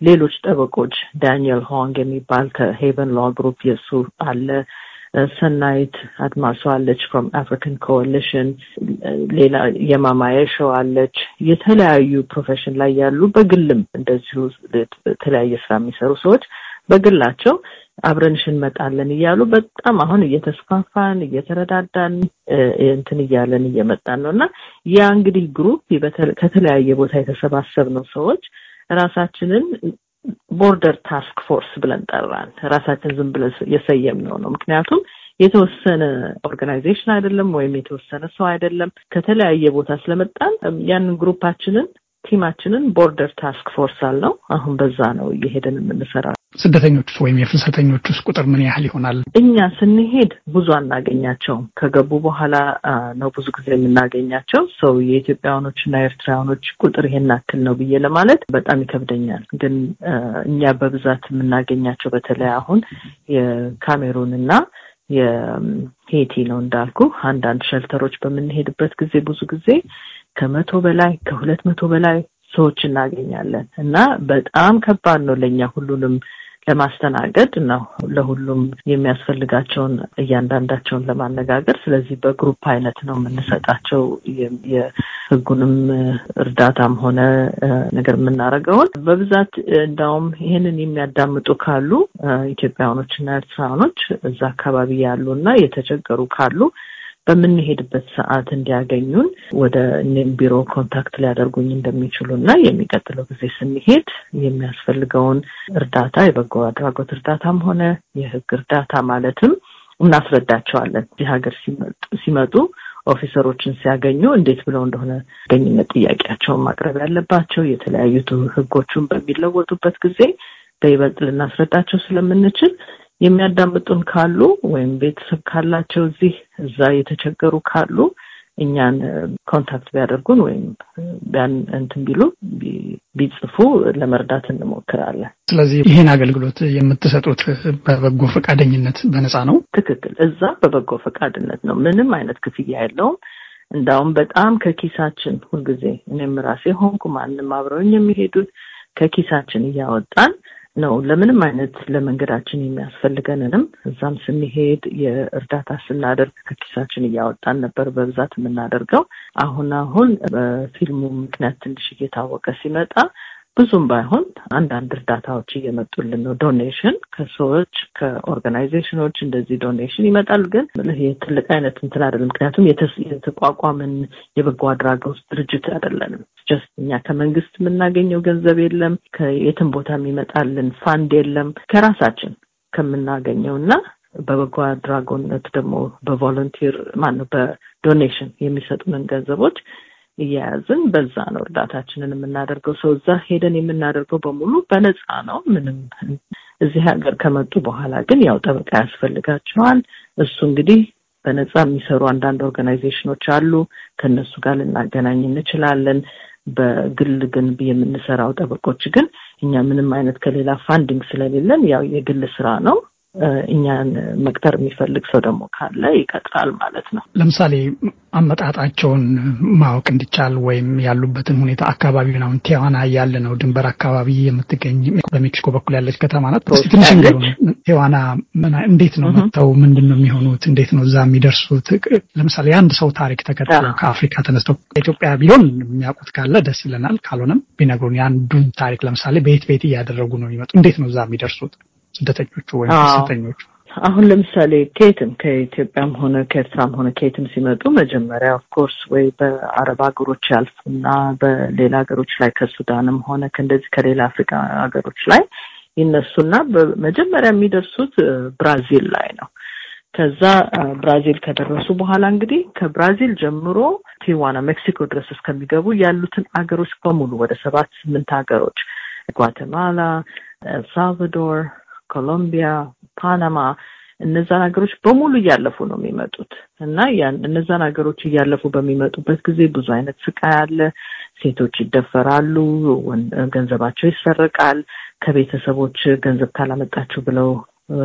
ሌሎች ጠበቆች ዳንኤል ሆንግ የሚባል ከሄቨን ሎ ግሩፕ የእሱ አለ። ሰናይት አድማሶ አለች ፍሮም አፍሪካን ኮሊሽን። ሌላ የማማየ ሸው አለች። የተለያዩ ፕሮፌሽን ላይ ያሉ በግልም እንደዚሁ የተለያየ ስራ የሚሰሩ ሰዎች በግላቸው አብረንሽ እንመጣለን እያሉ በጣም አሁን እየተስፋፋን እየተረዳዳን እንትን እያለን እየመጣን ነው እና ያ እንግዲህ ግሩፕ ከተለያየ ቦታ የተሰባሰብነው ሰዎች ራሳችንን ቦርደር ታስክ ፎርስ ብለን ጠራን። ራሳችን ዝም ብለን የሰየምነው ነው። ምክንያቱም የተወሰነ ኦርጋናይዜሽን አይደለም ወይም የተወሰነ ሰው አይደለም። ከተለያየ ቦታ ስለመጣን ያንን ግሩፓችንን ቲማችንን ቦርደር ታስክ ፎርስ አለው። አሁን በዛ ነው እየሄደን የምንሰራ። ስደተኞች ወይም የፍልሰተኞች ውስጥ ቁጥር ምን ያህል ይሆናል? እኛ ስንሄድ ብዙ አናገኛቸውም። ከገቡ በኋላ ነው ብዙ ጊዜ የምናገኛቸው። ሰው የኢትዮጵያውያኖች እና ኤርትራውያኖች ቁጥር ይሄን አክል ነው ብዬ ለማለት በጣም ይከብደኛል። ግን እኛ በብዛት የምናገኛቸው በተለይ አሁን የካሜሩን እና የሄቲ ነው እንዳልኩ አንዳንድ ሸልተሮች በምንሄድበት ጊዜ ብዙ ጊዜ ከመቶ በላይ ከሁለት መቶ በላይ ሰዎች እናገኛለን እና በጣም ከባድ ነው ለእኛ ሁሉንም ለማስተናገድ ነው ለሁሉም የሚያስፈልጋቸውን እያንዳንዳቸውን ለማነጋገር። ስለዚህ በግሩፕ አይነት ነው የምንሰጣቸው የህጉንም እርዳታም ሆነ ነገር የምናደርገውን በብዛት እንዳውም ይህንን የሚያዳምጡ ካሉ ኢትዮጵያውያኖች እና ኤርትራውያኖች እዛ አካባቢ ያሉ እና የተቸገሩ ካሉ በምንሄድበት ሰዓት እንዲያገኙን ወደ እኔም ቢሮ ኮንታክት ሊያደርጉኝ እንደሚችሉ እና የሚቀጥለው ጊዜ ስንሄድ የሚያስፈልገውን እርዳታ የበጎ አድራጎት እርዳታም ሆነ የሕግ እርዳታ ማለትም እናስረዳቸዋለን። እዚህ ሀገር ሲመጡ ኦፊሰሮችን ሲያገኙ እንዴት ብለው እንደሆነ ጥገኝነት ጥያቄያቸውን ማቅረብ ያለባቸው የተለያዩ ሕጎቹን በሚለወጡበት ጊዜ በይበልጥ ልናስረዳቸው ስለምንችል የሚያዳምጡን ካሉ ወይም ቤተሰብ ካላቸው እዚህ እዛ የተቸገሩ ካሉ እኛን ኮንታክት ቢያደርጉን ወይም ቢያን እንትን ቢሉ ቢጽፉ ለመርዳት እንሞክራለን። ስለዚህ ይህን አገልግሎት የምትሰጡት በበጎ ፈቃደኝነት በነፃ ነው? ትክክል። እዛ በበጎ ፈቃድነት ነው። ምንም አይነት ክፍያ የለውም። እንዳውም በጣም ከኪሳችን ሁልጊዜ እኔም ራሴ ሆንኩ ማንም አብረውኝ የሚሄዱት ከኪሳችን እያወጣን ነው። ለምንም አይነት ለመንገዳችን የሚያስፈልገንንም እዛም ስንሄድ የእርዳታ ስናደርግ ከኪሳችን እያወጣን ነበር በብዛት የምናደርገው። አሁን አሁን በፊልሙ ምክንያት ትንሽ እየታወቀ ሲመጣ ብዙም ባይሆን አንዳንድ እርዳታዎች እየመጡልን ነው። ዶኔሽን ከሰዎች ከኦርጋናይዜሽኖች እንደዚህ ዶኔሽን ይመጣል። ግን ትልቅ አይነት እንትን አይደለም። ምክንያቱም የተቋቋምን የበጎ አድራጎት ድርጅት አይደለንም። ጀስት እኛ ከመንግስት የምናገኘው ገንዘብ የለም፣ ከየትም ቦታ የሚመጣልን ፋንድ የለም ከራሳችን ከምናገኘው እና በበጎ አድራጎነት ደግሞ በቮለንቲር ማነው በዶኔሽን የሚሰጡንን ገንዘቦች እያያዝን በዛ ነው እርዳታችንን የምናደርገው። ሰው እዛ ሄደን የምናደርገው በሙሉ በነፃ ነው። ምንም እዚህ ሀገር ከመጡ በኋላ ግን ያው ጠበቃ ያስፈልጋቸዋል። እሱ እንግዲህ በነፃ የሚሰሩ አንዳንድ ኦርጋናይዜሽኖች አሉ። ከእነሱ ጋር ልናገናኝ እንችላለን። በግል ግንብ የምንሰራው ጠበቆች ግን እኛ ምንም አይነት ከሌላ ፋንዲንግ ስለሌለን ያው የግል ስራ ነው እኛን መቅጠር የሚፈልግ ሰው ደግሞ ካለ ይቀጥራል ማለት ነው። ለምሳሌ አመጣጣቸውን ማወቅ እንዲቻል ወይም ያሉበትን ሁኔታ አካባቢውን አሁን ቴዋና ያለ ነው ድንበር አካባቢ የምትገኝ በሜክሲኮ በኩል ያለች ከተማ ናት። ትንሽ ቴዋና እንዴት ነው መጥተው ምንድን ነው የሚሆኑት? እንዴት ነው እዛ የሚደርሱት? ለምሳሌ የአንድ ሰው ታሪክ ተከትሎ ከአፍሪካ ተነስተው ኢትዮጵያ ቢሆን የሚያውቁት ካለ ደስ ይለናል። ካልሆነም ቢነግሩን የአንዱን ታሪክ ለምሳሌ ቤት ቤት እያደረጉ ነው የሚመጡ? እንዴት ነው እዛ የሚደርሱት? ስደተኞቹ ወይም ስደተኞቹ አሁን ለምሳሌ ከየትም ከኢትዮጵያም ሆነ ከኤርትራም ሆነ ከየትም ሲመጡ መጀመሪያ ኦፍኮርስ ወይ በአረብ ሀገሮች ያልፉና በሌላ ሀገሮች ላይ ከሱዳንም ሆነ ከእንደዚህ ከሌላ አፍሪካ ሀገሮች ላይ ይነሱና መጀመሪያ የሚደርሱት ብራዚል ላይ ነው። ከዛ ብራዚል ከደረሱ በኋላ እንግዲህ ከብራዚል ጀምሮ ቲዋና ሜክሲኮ ድረስ እስከሚገቡ ያሉትን አገሮች በሙሉ ወደ ሰባት ስምንት ሀገሮች ጓተማላ፣ ኤልሳልቫዶር ኮሎምቢያ፣ ፓናማ እነዛን ሀገሮች በሙሉ እያለፉ ነው የሚመጡት እና ያን እነዛን ሀገሮች እያለፉ በሚመጡበት ጊዜ ብዙ አይነት ስቃይ አለ። ሴቶች ይደፈራሉ፣ ገንዘባቸው ይሰረቃል። ከቤተሰቦች ገንዘብ ካላመጣችሁ ብለው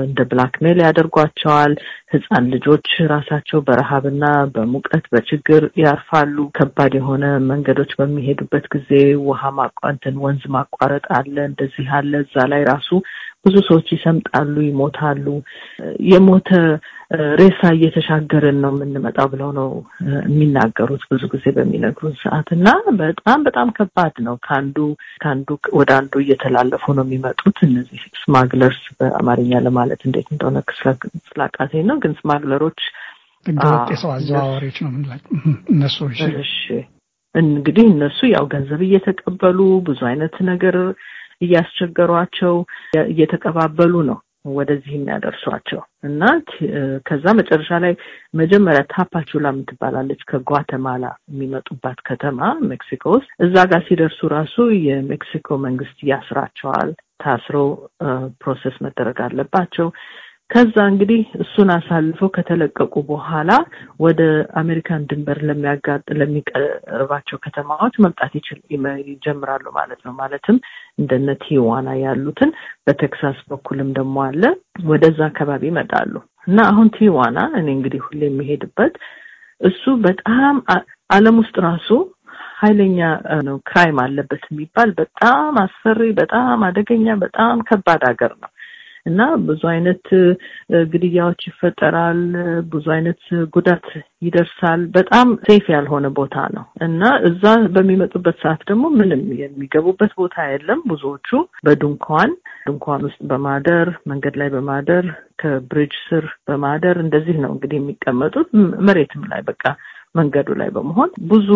እንደ ብላክሜል ያደርጓቸዋል። ህፃን ልጆች ራሳቸው በረሃብና በሙቀት በችግር ያርፋሉ። ከባድ የሆነ መንገዶች በሚሄዱበት ጊዜ ውሃ ማቋንትን ወንዝ ማቋረጥ አለ፣ እንደዚህ አለ። እዛ ላይ ራሱ ብዙ ሰዎች ይሰምጣሉ፣ ይሞታሉ። የሞተ ሬሳ እየተሻገርን ነው የምንመጣው ብለው ነው የሚናገሩት ብዙ ጊዜ በሚነግሩን ሰዓት እና በጣም በጣም ከባድ ነው። ከአንዱ ከአንዱ ወደ አንዱ እየተላለፉ ነው የሚመጡት እነዚህ ስማግለርስ በአማርኛ ለማለት እንዴት እንደሆነ ስላቃተኝ ነው። ግን ስማግለሮች አዘዋዋሪዎች ነው እነሱ። እሺ እንግዲህ እነሱ ያው ገንዘብ እየተቀበሉ ብዙ አይነት ነገር እያስቸገሯቸው እየተቀባበሉ ነው ወደዚህ የሚያደርሷቸው እና ከዛ መጨረሻ ላይ መጀመሪያ ታፓቹላ የምትባላለች ከጓተማላ የሚመጡባት ከተማ ሜክሲኮ ውስጥ እዛ ጋር ሲደርሱ ራሱ የሜክሲኮ መንግስት ያስራቸዋል። ታስረው ፕሮሰስ መደረግ አለባቸው። ከዛ እንግዲህ እሱን አሳልፈው ከተለቀቁ በኋላ ወደ አሜሪካን ድንበር ለሚያጋጥ ለሚቀርባቸው ከተማዎች መምጣት ይጀምራሉ ማለት ነው። ማለትም እንደነ ቲዋና ያሉትን በቴክሳስ በኩልም ደግሞ አለ ወደዛ አካባቢ ይመጣሉ እና አሁን ቲዋና እኔ እንግዲህ ሁሌ የሚሄድበት እሱ በጣም ዓለም ውስጥ ራሱ ኃይለኛ ነው ክራይም አለበት የሚባል በጣም አስፈሪ፣ በጣም አደገኛ፣ በጣም ከባድ ሀገር ነው። እና ብዙ አይነት ግድያዎች ይፈጠራል። ብዙ አይነት ጉዳት ይደርሳል። በጣም ሴፍ ያልሆነ ቦታ ነው እና እዛ በሚመጡበት ሰዓት ደግሞ ምንም የሚገቡበት ቦታ የለም። ብዙዎቹ በድንኳን ድንኳን ውስጥ በማደር መንገድ ላይ በማደር ከብሪጅ ስር በማደር እንደዚህ ነው እንግዲህ የሚቀመጡት። መሬትም ላይ በቃ መንገዱ ላይ በመሆን ብዙ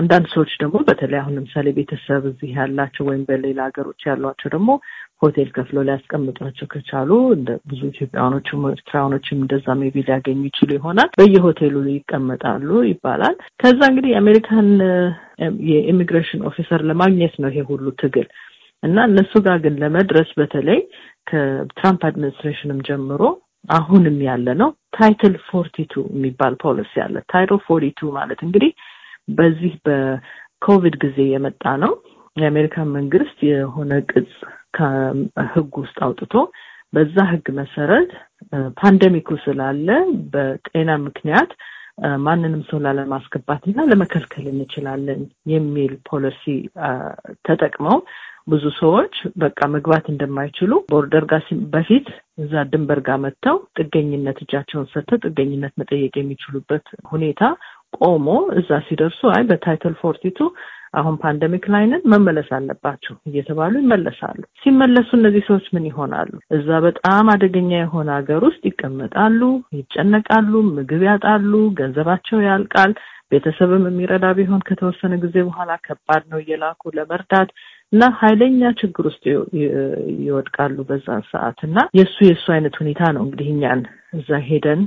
አንዳንድ ሰዎች ደግሞ በተለይ አሁን ለምሳሌ ቤተሰብ እዚህ ያላቸው ወይም በሌላ ሀገሮች ያሏቸው ደግሞ ሆቴል ከፍሎ ሊያስቀምጧቸው ከቻሉ ብዙ ኢትዮጵያኖችም ኤርትራኖችም እንደዛ ሜቢ ሊያገኙ ይችሉ ይሆናል። በየሆቴሉ ይቀመጣሉ ይባላል። ከዛ እንግዲህ የአሜሪካን የኢሚግሬሽን ኦፊሰር ለማግኘት ነው ይሄ ሁሉ ትግል እና እነሱ ጋር ግን ለመድረስ በተለይ ከትራምፕ አድሚኒስትሬሽንም ጀምሮ አሁንም ያለ ነው። ታይትል ፎርቲቱ የሚባል ፖሊሲ አለ። ታይትል ፎርቲቱ ማለት እንግዲህ በዚህ በኮቪድ ጊዜ የመጣ ነው። የአሜሪካን መንግስት የሆነ ቅጽ ከህግ ውስጥ አውጥቶ በዛ ህግ መሰረት ፓንደሚኩ ስላለ በጤና ምክንያት ማንንም ሰው ላለማስገባት እና ለመከልከል እንችላለን የሚል ፖሊሲ ተጠቅመው ብዙ ሰዎች በቃ መግባት እንደማይችሉ ቦርደር ጋር በፊት እዛ ድንበር ጋር መጥተው ጥገኝነት እጃቸውን ሰጥተው ጥገኝነት መጠየቅ የሚችሉበት ሁኔታ ቆሞ እዛ ሲደርሱ አይ በታይትል ፎርቲቱ አሁን ፓንደሚክ ላይ መመለስ አለባቸው እየተባሉ ይመለሳሉ። ሲመለሱ እነዚህ ሰዎች ምን ይሆናሉ? እዛ በጣም አደገኛ የሆነ ሀገር ውስጥ ይቀመጣሉ፣ ይጨነቃሉ፣ ምግብ ያጣሉ፣ ገንዘባቸው ያልቃል። ቤተሰብም የሚረዳ ቢሆን ከተወሰነ ጊዜ በኋላ ከባድ ነው እየላኩ ለመርዳት እና ኃይለኛ ችግር ውስጥ ይወድቃሉ በዛን ሰዓት እና የእሱ የእሱ አይነት ሁኔታ ነው እንግዲህ እኛን እዛ ሄደን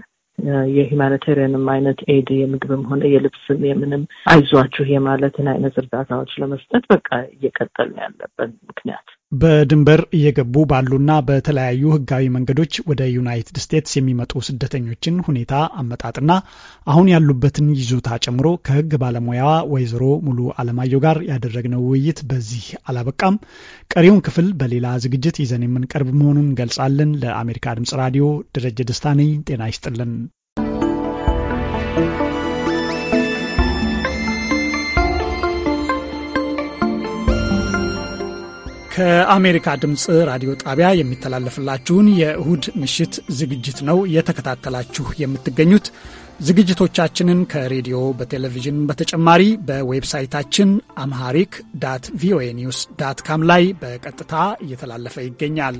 የሂማኒቴሪያንም አይነት ኤድ የምግብም ሆነ የልብስም የምንም አይዟችሁ የማለትን አይነት እርዳታዎች ለመስጠት በቃ እየቀጠልን ያለበት ምክንያት በድንበር እየገቡ ባሉና በተለያዩ ህጋዊ መንገዶች ወደ ዩናይትድ ስቴትስ የሚመጡ ስደተኞችን ሁኔታ አመጣጥና አሁን ያሉበትን ይዞታ ጨምሮ ከህግ ባለሙያዋ ወይዘሮ ሙሉ አለማየሁ ጋር ያደረግነው ውይይት በዚህ አላበቃም። ቀሪውን ክፍል በሌላ ዝግጅት ይዘን የምንቀርብ መሆኑን ገልጻለን። ለአሜሪካ ድምጽ ራዲዮ ደረጀ ደስታ ነኝ። ጤና ይስጥልን። ከአሜሪካ ድምፅ ራዲዮ ጣቢያ የሚተላለፍላችሁን የእሁድ ምሽት ዝግጅት ነው እየተከታተላችሁ የምትገኙት። ዝግጅቶቻችንን ከሬዲዮ በቴሌቪዥን በተጨማሪ በዌብሳይታችን አምሃሪክ ዳት ቪኦኤ ኒውስ ዳት ካም ላይ በቀጥታ እየተላለፈ ይገኛል።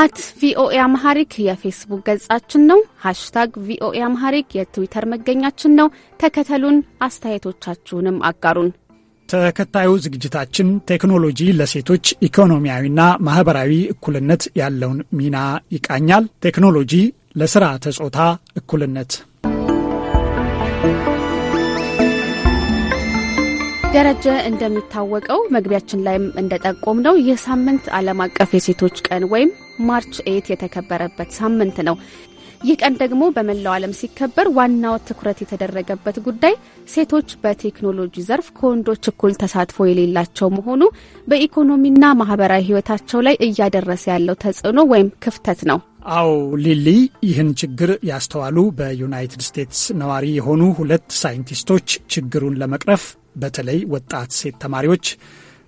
አት ቪኦኤ አምሃሪክ የፌስቡክ ገጻችን ነው። ሃሽታግ ቪኦኤ አምሃሪክ የትዊተር መገኛችን ነው። ተከተሉን፣ አስተያየቶቻችሁንም አጋሩን። ተከታዩ ዝግጅታችን ቴክኖሎጂ ለሴቶች ኢኮኖሚያዊና ማህበራዊ እኩልነት ያለውን ሚና ይቃኛል። ቴክኖሎጂ ለስራ ተጾታ እኩልነት ደረጀ፣ እንደሚታወቀው መግቢያችን ላይም እንደጠቆም ነው ይህ ሳምንት ዓለም አቀፍ የሴቶች ቀን ወይም ማርች ኤት የተከበረበት ሳምንት ነው። ይህ ቀን ደግሞ በመላው ዓለም ሲከበር ዋናው ትኩረት የተደረገበት ጉዳይ ሴቶች በቴክኖሎጂ ዘርፍ ከወንዶች እኩል ተሳትፎ የሌላቸው መሆኑ በኢኮኖሚና ማህበራዊ ህይወታቸው ላይ እያደረሰ ያለው ተጽዕኖ ወይም ክፍተት ነው። አዎ ሊሊ፣ ይህን ችግር ያስተዋሉ በዩናይትድ ስቴትስ ነዋሪ የሆኑ ሁለት ሳይንቲስቶች ችግሩን ለመቅረፍ በተለይ ወጣት ሴት ተማሪዎች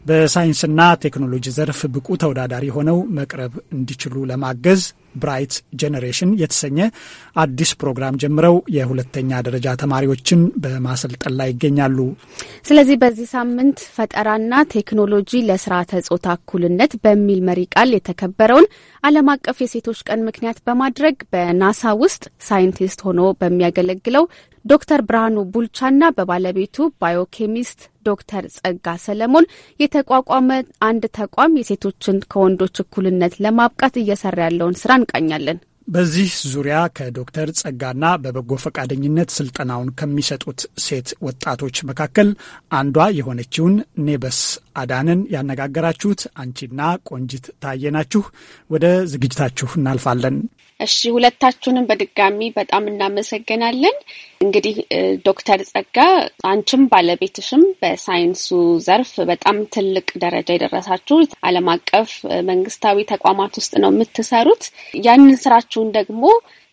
በሳይንስና ቴክኖሎጂ ዘርፍ ብቁ ተወዳዳሪ ሆነው መቅረብ እንዲችሉ ለማገዝ ብራይት ጄኔሬሽን የተሰኘ አዲስ ፕሮግራም ጀምረው የሁለተኛ ደረጃ ተማሪዎችን በማሰልጠን ላይ ይገኛሉ። ስለዚህ በዚህ ሳምንት ፈጠራና ቴክኖሎጂ ለስርዓተ ጾታ እኩልነት በሚል መሪ ቃል የተከበረውን ዓለም አቀፍ የሴቶች ቀን ምክንያት በማድረግ በናሳ ውስጥ ሳይንቲስት ሆኖ በሚያገለግለው ዶክተር ብርሃኑ ቡልቻና በባለቤቱ ባዮኬሚስት ዶክተር ጸጋ ሰለሞን የተቋቋመ አንድ ተቋም የሴቶችን ከወንዶች እኩልነት ለማብቃት እየሰራ ያለውን ስራ እንቃኛለን። በዚህ ዙሪያ ከዶክተር ጸጋና በበጎ ፈቃደኝነት ስልጠናውን ከሚሰጡት ሴት ወጣቶች መካከል አንዷ የሆነችውን ኔበስ አዳንን ያነጋገራችሁት አንቺና ቆንጂት ታየናችሁ ወደ ዝግጅታችሁ እናልፋለን። እሺ ሁለታችሁንም በድጋሚ በጣም እናመሰግናለን። እንግዲህ ዶክተር ጸጋ አንቺም ባለቤትሽም በሳይንሱ ዘርፍ በጣም ትልቅ ደረጃ የደረሳችሁ ዓለም አቀፍ መንግስታዊ ተቋማት ውስጥ ነው የምትሰሩት። ያንን ስራችሁን ደግሞ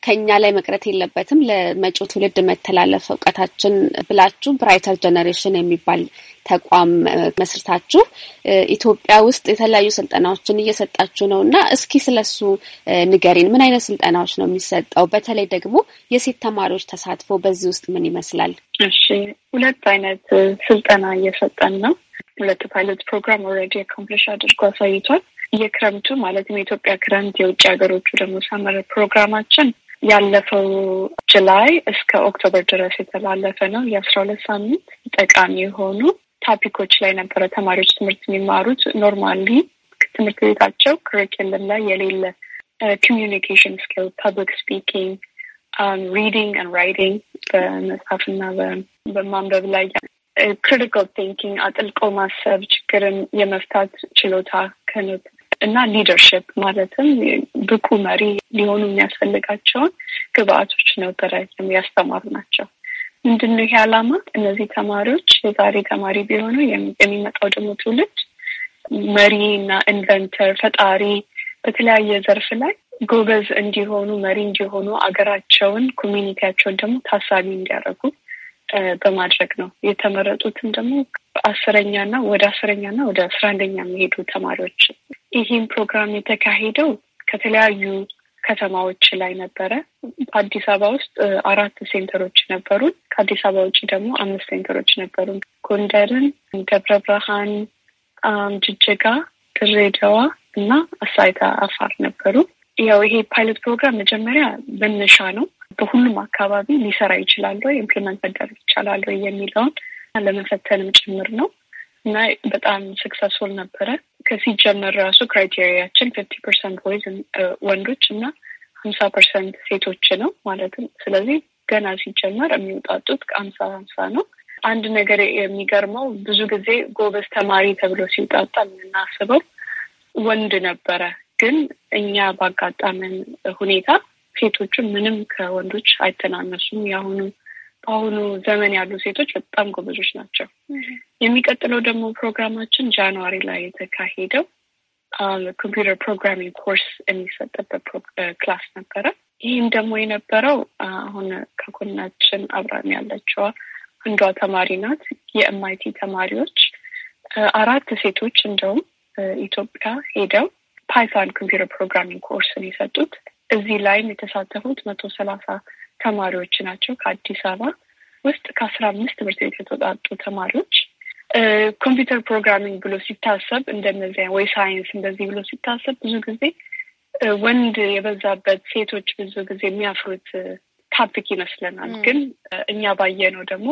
ከኛ ላይ መቅረት የለበትም ለመጪው ትውልድ መተላለፍ እውቀታችን ብላችሁ ብራይተር ጀነሬሽን የሚባል ተቋም መስርታችሁ ኢትዮጵያ ውስጥ የተለያዩ ስልጠናዎችን እየሰጣችሁ ነው እና እስኪ ስለሱ ንገሪን። ምን አይነት ስልጠናዎች ነው የሚሰጠው? በተለይ ደግሞ የሴት ተማሪዎች ተሳትፎ በዚህ ውስጥ ምን ይመስላል? እሺ፣ ሁለት አይነት ስልጠና እየሰጠን ነው። ሁለት ፓይለት ፕሮግራም ኦልሬዲ አኮምፕሊሽ አድርጎ አሳይቷል። የክረምቱ ማለትም የኢትዮጵያ ክረምት፣ የውጭ ሀገሮቹ ደግሞ ሰመር ፕሮግራማችን ያለፈው ጅላይ እስከ ኦክቶበር ድረስ የተላለፈ ነው። የአስራ ሁለት ሳምንት ጠቃሚ የሆኑ ታፒኮች ላይ ነበረ ተማሪዎች ትምህርት የሚማሩት ኖርማሊ ትምህርት ቤታቸው ክሪክልም ላይ የሌለ ኮሚኒኬሽን ስኪል፣ ፐብሊክ ስፒኪንግ፣ ሪዲንግ ን ራይቲንግ በመጽሐፍና በማንበብ ላይ ክሪቲካል ቲንኪንግ፣ አጥልቆ ማሰብ፣ ችግርን የመፍታት ችሎታ ከነት እና ሊደርሽፕ ማለትም ብቁ መሪ ሊሆኑ የሚያስፈልጋቸውን ግብአቶች ነበረ ናቸው። ምንድን ነው ይሄ ዓላማ? እነዚህ ተማሪዎች የዛሬ ተማሪ ቢሆኑ የሚመጣው ደግሞ ትውልድ መሪ እና ኢንቨንተር ፈጣሪ በተለያየ ዘርፍ ላይ ጎበዝ እንዲሆኑ መሪ እንዲሆኑ አገራቸውን ኮሚኒቲያቸውን ደግሞ ታሳቢ እንዲያደርጉ በማድረግ ነው። የተመረጡትም ደግሞ አስረኛ ወደ አስረኛ እና ወደ አስራ አንደኛ የሚሄዱ ተማሪዎች ይህም ፕሮግራም የተካሄደው ከተለያዩ ከተማዎች ላይ ነበረ። አዲስ አበባ ውስጥ አራት ሴንተሮች ነበሩን። ከአዲስ አበባ ውጭ ደግሞ አምስት ሴንተሮች ነበሩን። ጎንደርን፣ ደብረ ብርሃን፣ ጅጅጋ፣ ድሬዳዋ እና አሳይታ አፋር ነበሩ። ያው ይሄ ፓይለት ፕሮግራም መጀመሪያ መነሻ ነው። በሁሉም አካባቢ ሊሰራ ይችላል ወይ፣ ኢምፕሊመንት መደረግ ይቻላል ወይ የሚለውን ለመፈተንም ጭምር ነው። እና በጣም ስክሰስፉል ነበረ። ከሲጀመር ራሱ ክራይቴሪያችን ፊፍቲ ፐርሰንት ቦይዝ ወንዶች እና ሀምሳ ፐርሰንት ሴቶች ነው ማለትም። ስለዚህ ገና ሲጀመር የሚወጣጡት ከአምሳ ሀምሳ ነው። አንድ ነገር የሚገርመው ብዙ ጊዜ ጎበዝ ተማሪ ተብሎ ሲውጣጣ የምናስበው ወንድ ነበረ፣ ግን እኛ ባጋጣመን ሁኔታ ሴቶቹ ምንም ከወንዶች አይተናነሱም። የአሁኑም በአሁኑ ዘመን ያሉ ሴቶች በጣም ጎበዞች ናቸው። የሚቀጥለው ደግሞ ፕሮግራማችን ጃንዋሪ ላይ የተካሄደው ኮምፒውተር ፕሮግራሚንግ ኮርስ የሚሰጥበት ክላስ ነበረ። ይህም ደግሞ የነበረው አሁን ከጎናችን አብራን ያለችዋ አንዷ ተማሪ ናት። የኤምአይቲ ተማሪዎች አራት ሴቶች እንደውም ኢትዮጵያ ሄደው ፓይታን ኮምፒውተር ፕሮግራሚንግ ኮርስን የሰጡት እዚህ ላይም የተሳተፉት መቶ ሰላሳ ተማሪዎች ናቸው። ከአዲስ አበባ ውስጥ ከአስራ አምስት ትምህርት ቤት የተወጣጡ ተማሪዎች ኮምፒውተር ፕሮግራሚንግ ብሎ ሲታሰብ እንደነዚያ ወይ ሳይንስ እንደዚህ ብሎ ሲታሰብ ብዙ ጊዜ ወንድ የበዛበት ሴቶች ብዙ ጊዜ የሚያፍሩት ታፒክ ይመስለናል። ግን እኛ ባየነው ደግሞ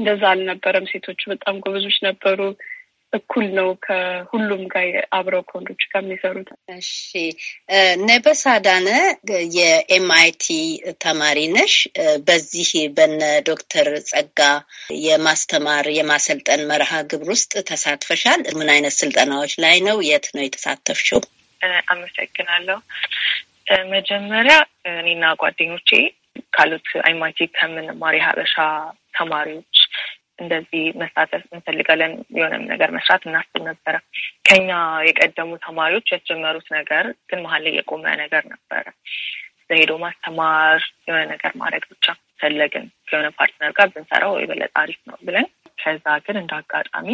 እንደዛ አልነበረም። ሴቶቹ በጣም ጎበዞች ነበሩ። እኩል ነው ከሁሉም ጋር አብረው ከወንዶች ጋር የሚሰሩት። እሺ ነበሳ ዳነ የኤምአይቲ ተማሪ ነሽ። በዚህ በነ ዶክተር ጸጋ የማስተማር የማሰልጠን መርሃ ግብር ውስጥ ተሳትፈሻል። ምን አይነት ስልጠናዎች ላይ ነው? የት ነው የተሳተፍሽው? አመሰግናለሁ። መጀመሪያ እኔና ጓደኞቼ ካሉት አይማይቲ ከምንማር የሀበሻ ተማሪዎች እንደዚህ መሳተፍ እንፈልጋለን፣ የሆነም ነገር መስራት እናስብ ነበረ። ከኛ የቀደሙ ተማሪዎች ያስጀመሩት ነገር ግን መሀል ላይ የቆመ ነገር ነበረ። ሄዶ ማስተማር የሆነ ነገር ማድረግ ብቻ ፈለግን። ከሆነ ፓርትነር ጋር ብንሰራው የበለጠ አሪፍ ነው ብለን ከዛ ግን እንደ አጋጣሚ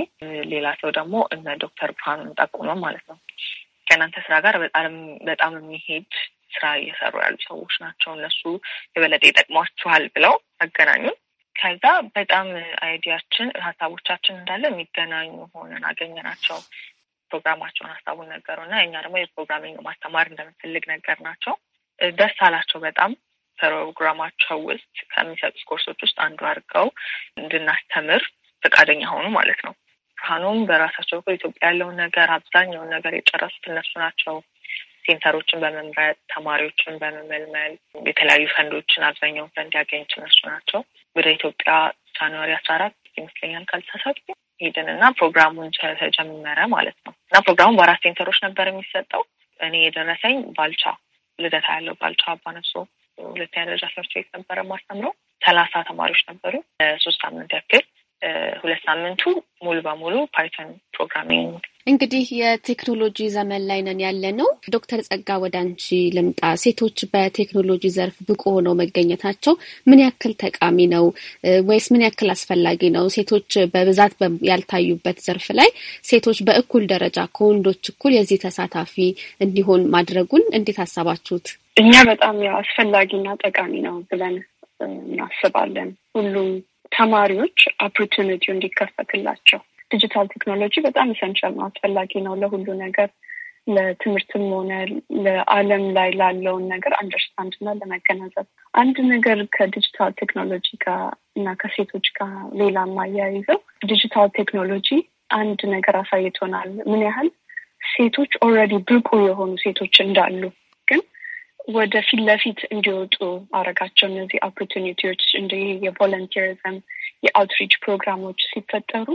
ሌላ ሰው ደግሞ እነ ዶክተር ብርሃኑን ጠቁመ ማለት ነው ከእናንተ ስራ ጋር በጣም በጣም የሚሄድ ስራ እየሰሩ ያሉ ሰዎች ናቸው፣ እነሱ የበለጠ ይጠቅሟችኋል ብለው አገናኙን። ከዛ በጣም አይዲያችን ሀሳቦቻችን እንዳለ የሚገናኙ ሆነን አገኘናቸው። ፕሮግራማቸውን ሀሳቡን ነገሩ እና እኛ ደግሞ የፕሮግራሚንግ ማስተማር እንደምንፈልግ ነገር ናቸው። ደስ አላቸው በጣም ፕሮግራማቸው ውስጥ ከሚሰጡት ኮርሶች ውስጥ አንዱ አድርገው እንድናስተምር ፈቃደኛ ሆኑ ማለት ነው። ብርሃኑም በራሳቸው ኢትዮጵያ ያለውን ነገር አብዛኛውን ነገር የጨረሱት እነሱ ናቸው። ሴንተሮችን በመምረጥ ተማሪዎችን በመመልመል የተለያዩ ፈንዶችን አብዛኛውን ፈንድ ያገኙት እነሱ ናቸው። ወደ ኢትዮጵያ ጃንዋሪ አስራ አራት ይመስለኛል ካልተሳሳት ሄድን እና ፕሮግራሙን ተጀመረ ማለት ነው እና ፕሮግራሙ በአራት ሴንተሮች ነበር የሚሰጠው። እኔ የደረሰኝ ባልቻ ልደታ ያለው ባልቻ አባነፍሶ ሁለተኛ ደረጃ ትምህርት ቤት ነበረ ማስተምረው። ሰላሳ ተማሪዎች ነበሩ። ሶስት ሳምንት ያክል ሁለት ሳምንቱ ሙሉ በሙሉ ፓይተን ፕሮግራሚንግ። እንግዲህ የቴክኖሎጂ ዘመን ላይ ነን ያለ ነው። ዶክተር ጸጋ ወደ አንቺ ልምጣ። ሴቶች በቴክኖሎጂ ዘርፍ ብቁ ሆነው መገኘታቸው ምን ያክል ጠቃሚ ነው ወይስ ምን ያክል አስፈላጊ ነው? ሴቶች በብዛት ያልታዩበት ዘርፍ ላይ ሴቶች በእኩል ደረጃ ከወንዶች እኩል የዚህ ተሳታፊ እንዲሆን ማድረጉን እንዴት አሰባችሁት እኛ በጣም አስፈላጊና ጠቃሚ ነው ብለን እናስባለን። ሁሉም ተማሪዎች ኦፖርቹኒቲው እንዲከፈትላቸው ዲጂታል ቴክኖሎጂ በጣም ኢሰንሻል ነው፣ አስፈላጊ ነው ለሁሉ ነገር ለትምህርትም ሆነ ለዓለም ላይ ላለውን ነገር አንደርስታንድ እና ለመገናዘብ አንድ ነገር ከዲጂታል ቴክኖሎጂ ጋር እና ከሴቶች ጋር ሌላ ማያይዘው ዲጂታል ቴክኖሎጂ አንድ ነገር አሳይቶናል፣ ምን ያህል ሴቶች ኦልሬዲ ብቁ የሆኑ ሴቶች እንዳሉ ወደ ፊት ለፊት እንዲወጡ አረጋቸው። እነዚህ ኦፖርቹኒቲዎች እንደ የቮለንቲሪዝም የአውትሪች ፕሮግራሞች ሲፈጠሩ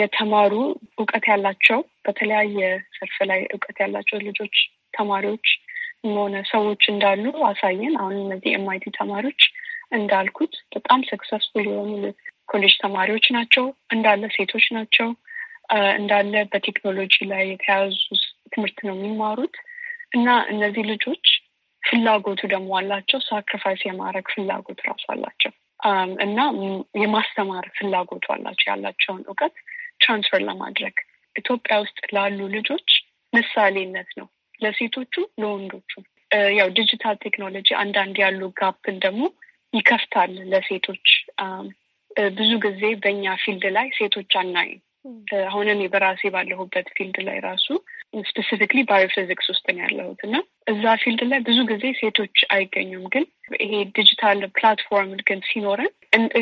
የተማሩ እውቀት ያላቸው በተለያየ ዘርፍ ላይ እውቀት ያላቸው ልጆች ተማሪዎች መሆነ ሰዎች እንዳሉ አሳየን። አሁን እነዚህ ኤምአይቲ ተማሪዎች እንዳልኩት በጣም ሰክሰስፉል የሆኑ ኮሌጅ ተማሪዎች ናቸው። እንዳለ ሴቶች ናቸው። እንዳለ በቴክኖሎጂ ላይ የተያዙ ትምህርት ነው የሚማሩት እና እነዚህ ልጆች ፍላጎቱ ደግሞ አላቸው። ሳክሪፋይስ የማድረግ ፍላጎት ራሱ አላቸው um, እና የማስተማር ፍላጎቱ አላቸው። ያላቸውን እውቀት ትራንስፈር ለማድረግ ኢትዮጵያ ውስጥ ላሉ ልጆች ምሳሌነት ነው፣ ለሴቶቹ ለወንዶቹ። uh, ያው ዲጂታል ቴክኖሎጂ አንዳንድ ያሉ ጋፕን ደግሞ ይከፍታል ለሴቶች um, uh, ብዙ ጊዜ በእኛ ፊልድ ላይ ሴቶች አናይም አሁን እኔ በራሴ ባለሁበት ፊልድ ላይ ራሱ ስፔሲፊክሊ ባዮፊዚክስ ውስጥ ነው ያለሁት እና እዛ ፊልድ ላይ ብዙ ጊዜ ሴቶች አይገኙም። ግን ይሄ ዲጂታል ፕላትፎርም ግን ሲኖረን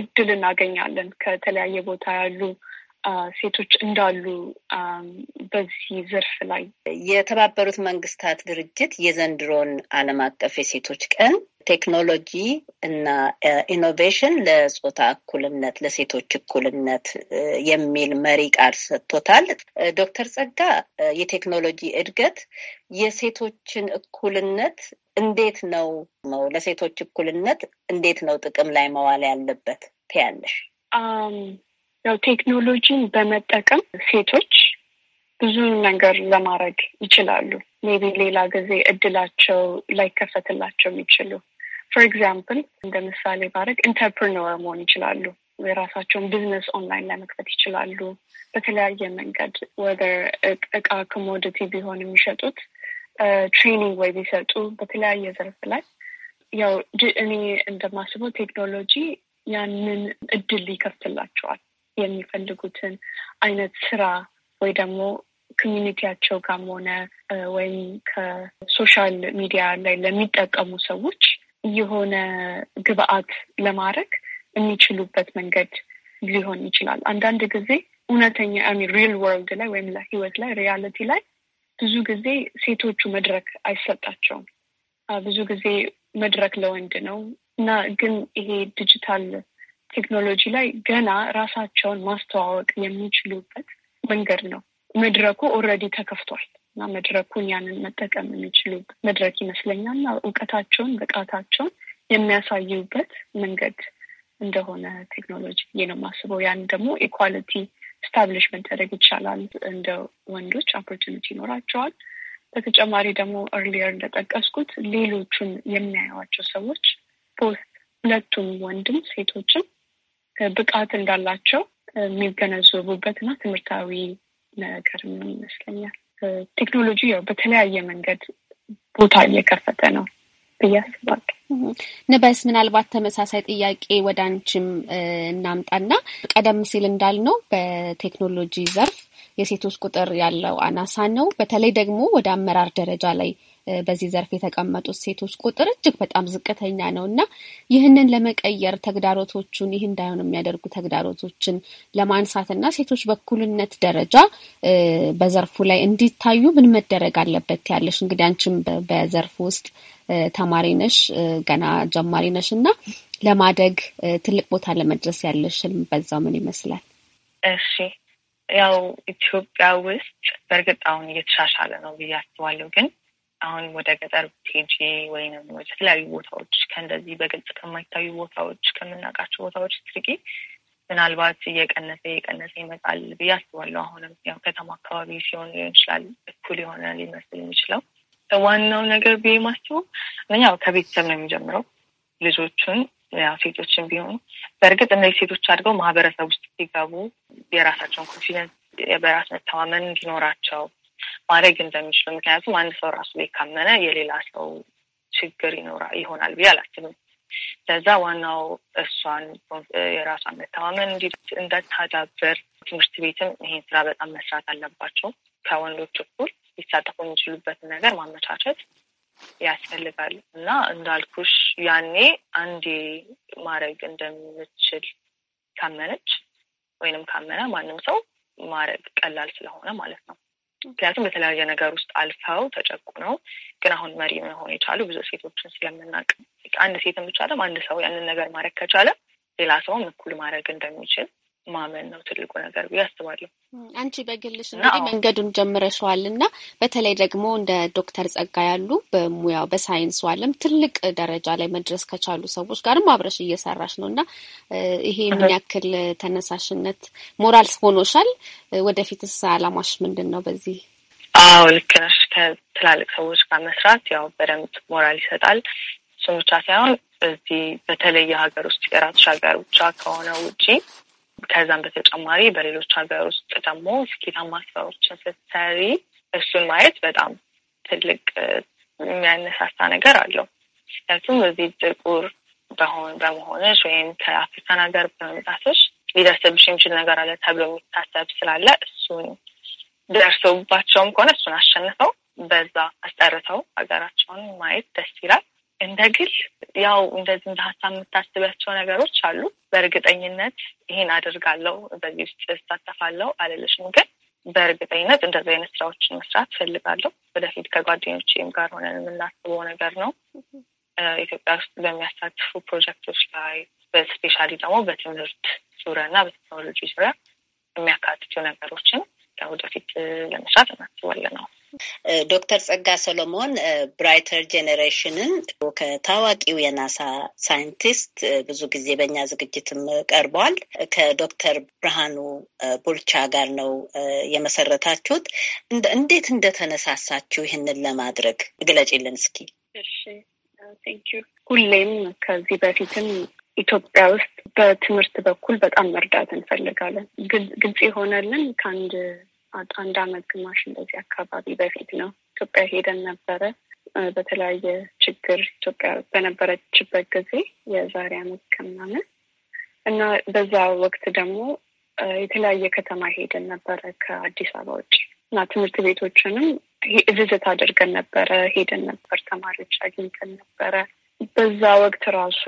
እድል እናገኛለን ከተለያየ ቦታ ያሉ ሴቶች እንዳሉ በዚህ ዘርፍ ላይ የተባበሩት መንግስታት ድርጅት የዘንድሮን ዓለም አቀፍ የሴቶች ቀን ቴክኖሎጂ እና ኢኖቬሽን ለጾታ እኩልነት ለሴቶች እኩልነት የሚል መሪ ቃል ሰጥቶታል። ዶክተር ጸጋ የቴክኖሎጂ እድገት የሴቶችን እኩልነት እንዴት ነው ነው ለሴቶች እኩልነት እንዴት ነው ጥቅም ላይ መዋል ያለበት ትያለሽ? ያው ቴክኖሎጂን በመጠቀም ሴቶች ብዙ ነገር ለማድረግ ይችላሉ። ሜቢ ሌላ ጊዜ እድላቸው ላይከፈትላቸው የሚችሉ ፎር ኤግዛምፕል እንደ ምሳሌ ባረግ ኢንተርፕርነር መሆን ይችላሉ። የራሳቸውን ቢዝነስ ኦንላይን ለመክፈት ይችላሉ። በተለያየ መንገድ ወደ እቃ ኮሞዲቲ ቢሆን የሚሸጡት ትሬኒንግ ወይ ቢሰጡ በተለያየ ዘርፍ ላይ ያው እኔ እንደማስበው ቴክኖሎጂ ያንን እድል ይከፍትላቸዋል። የሚፈልጉትን አይነት ስራ ወይ ደግሞ ኮሚኒቲያቸው ጋም ሆነ ወይም ከሶሻል ሚዲያ ላይ ለሚጠቀሙ ሰዎች የሆነ ግብአት ለማድረግ የሚችሉበት መንገድ ሊሆን ይችላል። አንዳንድ ጊዜ እውነተኛ ሪል ወርልድ ላይ ወይም ለህይወት ላይ ሪያልቲ ላይ ብዙ ጊዜ ሴቶቹ መድረክ አይሰጣቸውም። ብዙ ጊዜ መድረክ ለወንድ ነው እና ግን ይሄ ዲጂታል ቴክኖሎጂ ላይ ገና ራሳቸውን ማስተዋወቅ የሚችሉበት መንገድ ነው። መድረኩ ኦልሬዲ ተከፍቷል እና መድረኩን ያንን መጠቀም የሚችሉበት መድረክ ይመስለኛል እና እውቀታቸውን ብቃታቸውን የሚያሳዩበት መንገድ እንደሆነ ቴክኖሎጂ ነው የማስበው። ያን ደግሞ ኢኳሊቲ ስታብሊሽመንት ያደግ ይቻላል። እንደ ወንዶች ኦፖርቹኒቲ ይኖራቸዋል። በተጨማሪ ደግሞ እርሊየር እንደጠቀስኩት ሌሎቹን የሚያዩዋቸው ሰዎች ፖስት ሁለቱም ወንድም ሴቶችም ብቃት እንዳላቸው የሚገነዘቡበትና ትምህርታዊ ነገር ይመስለኛል። ቴክኖሎጂ ያው በተለያየ መንገድ ቦታ እየከፈተ ነው ብያስባል ንበስ ምናልባት ተመሳሳይ ጥያቄ ወደ አንቺም እናምጣና ቀደም ሲል እንዳልነው በቴክኖሎጂ ዘርፍ የሴቶች ቁጥር ያለው አናሳ ነው። በተለይ ደግሞ ወደ አመራር ደረጃ ላይ በዚህ ዘርፍ የተቀመጡት ሴቶች ቁጥር እጅግ በጣም ዝቅተኛ ነው እና ይህንን ለመቀየር ተግዳሮቶቹን ይህ እንዳይሆን የሚያደርጉ ተግዳሮቶችን ለማንሳት እና ሴቶች በኩልነት ደረጃ በዘርፉ ላይ እንዲታዩ ምን መደረግ አለበት ያለሽ እንግዲህ አንቺም በዘርፉ ውስጥ ተማሪ ነሽ፣ ገና ጀማሪ ነሽ እና ለማደግ ትልቅ ቦታ ለመድረስ ያለሽ ህልም በዛው ምን ይመስላል? እሺ ያው ኢትዮጵያ ውስጥ በእርግጥ አሁን እየተሻሻለ ነው ብዬ አስባለሁ ግን አሁን ወደ ገጠር ብትሄጂ ወይንም የተለያዩ ቦታዎች ከእንደዚህ በግልጽ ከማይታዩ ቦታዎች ከምናውቃቸው ቦታዎች ስትርቂ ምናልባት እየቀነሰ እየቀነሰ ይመጣል ብዬ አስባለሁ። አሁንም ያው ከተማ አካባቢ ሲሆን ሊሆን ይችላል እኩል የሆነ ሊመስል የሚችለው ዋናው ነገር ብዬ ማስቡ ያው ከቤተሰብ ነው የሚጀምረው። ልጆቹን ያው ሴቶችን ቢሆኑ በእርግጥ እነዚህ ሴቶች አድገው ማህበረሰብ ውስጥ ሲገቡ የራሳቸውን ኮንፊደንስ በራስ መተማመን እንዲኖራቸው ማድረግ እንደሚችሉ። ምክንያቱም አንድ ሰው ራሱ ካመነ የሌላ ሰው ችግር ይኖራ ይሆናል ብዬ አላስብም። ለዛ ዋናው እሷን የራሷን መተማመን እንዳታዳበር፣ ትምህርት ቤትም ይሄን ስራ በጣም መስራት አለባቸው። ከወንዶች እኩል ሊሳተፉ የሚችሉበትን ነገር ማመቻቸት ያስፈልጋል እና እንዳልኩሽ ያኔ አንዴ ማድረግ እንደምችል ካመነች ወይንም ካመነ ማንም ሰው ማድረግ ቀላል ስለሆነ ማለት ነው። ምክንያቱም በተለያየ ነገር ውስጥ አልፈው ተጨቁ ነው ግን አሁን መሪ መሆን የቻሉ ብዙ ሴቶችን ስለምናቅ አንድ ሴትን ብቻ አይደለም አንድ ሰው ያንን ነገር ማድረግ ከቻለ ሌላ ሰውም እኩል ማድረግ እንደሚችል ማመን ነው ትልቁ ነገር ብዬ አስባለሁ። አንቺ በግልሽ እንግዲህ መንገዱን ጀምረሸዋል እና በተለይ ደግሞ እንደ ዶክተር ጸጋ ያሉ በሙያው በሳይንሱ ዓለም ትልቅ ደረጃ ላይ መድረስ ከቻሉ ሰዎች ጋርም አብረሽ እየሰራሽ ነው እና ይሄ ምን ያክል ተነሳሽነት ሞራል ሆኖሻል? ወደፊትስ አላማሽ ምንድን ነው? በዚህ አዎ ልክ ነሽ። ከትላልቅ ሰዎች ጋር መስራት ያው በደንብ ሞራል ይሰጣል። እሱን ብቻ ሳይሆን እዚህ በተለየ ሀገር ውስጥ የራስሽ ሀገር ብቻ ከሆነ ውጪ ከዛም በተጨማሪ በሌሎች ሀገር ውስጥ ደግሞ ስኬታማ ስራዎችን ስትሰሪ እሱን ማየት በጣም ትልቅ የሚያነሳሳ ነገር አለው። ምክንያቱም እዚህ ጥቁር በመሆንሽ ወይም ከአፍሪካን ሀገር በመምጣትሽ ሊደርስብሽ የሚችል ነገር አለ ተብሎ የሚታሰብ ስላለ እሱን ደርሶባቸውም ከሆነ እሱን አሸንፈው በዛ አስጠርተው ሀገራቸውን ማየት ደስ ይላል። እንደ ግል ያው እንደዚህ እንደ ሀሳብ የምታስቢያቸው ነገሮች አሉ። በእርግጠኝነት ይሄን አድርጋለው በዚህ ውስጥ እሳተፋለሁ አልልሽም፣ ግን በእርግጠኝነት እንደዚህ አይነት ስራዎችን መስራት ፈልጋለሁ። ወደፊት ከጓደኞቼም ጋር ሆነን የምናስበው ነገር ነው። ኢትዮጵያ ውስጥ በሚያሳትፉ ፕሮጀክቶች ላይ በስፔሻሊ ደግሞ በትምህርት ዙሪያና በቴክኖሎጂ ዙሪያ የሚያካትቱ ነገሮችን ወደፊት ለመስራት እናስባለን ነው ዶክተር ጸጋ ሰሎሞን ብራይተር ጄኔሬሽንን ከታዋቂው የናሳ ሳይንቲስት ብዙ ጊዜ በእኛ ዝግጅትም ቀርቧል። ከዶክተር ብርሃኑ ቡልቻ ጋር ነው የመሰረታችሁት። እንዴት እንደተነሳሳችሁ ይህንን ለማድረግ ግለጪልን እስኪ። ሁሌም ከዚህ በፊትም ኢትዮጵያ ውስጥ በትምህርት በኩል በጣም መርዳት እንፈልጋለን። ግልጽ የሆነልን ከአንድ አንድ አመት ግማሽ እንደዚህ አካባቢ በፊት ነው ኢትዮጵያ ሄደን ነበረ። በተለያየ ችግር ኢትዮጵያ በነበረችበት ጊዜ የዛሬ አመት ከምናምን እና በዛ ወቅት ደግሞ የተለያየ ከተማ ሄደን ነበረ ከአዲስ አበባ ውጭ እና ትምህርት ቤቶችንም ቪዝት አድርገን ነበረ። ሄደን ነበር፣ ተማሪዎች አግኝተን ነበረ። በዛ ወቅት ራሱ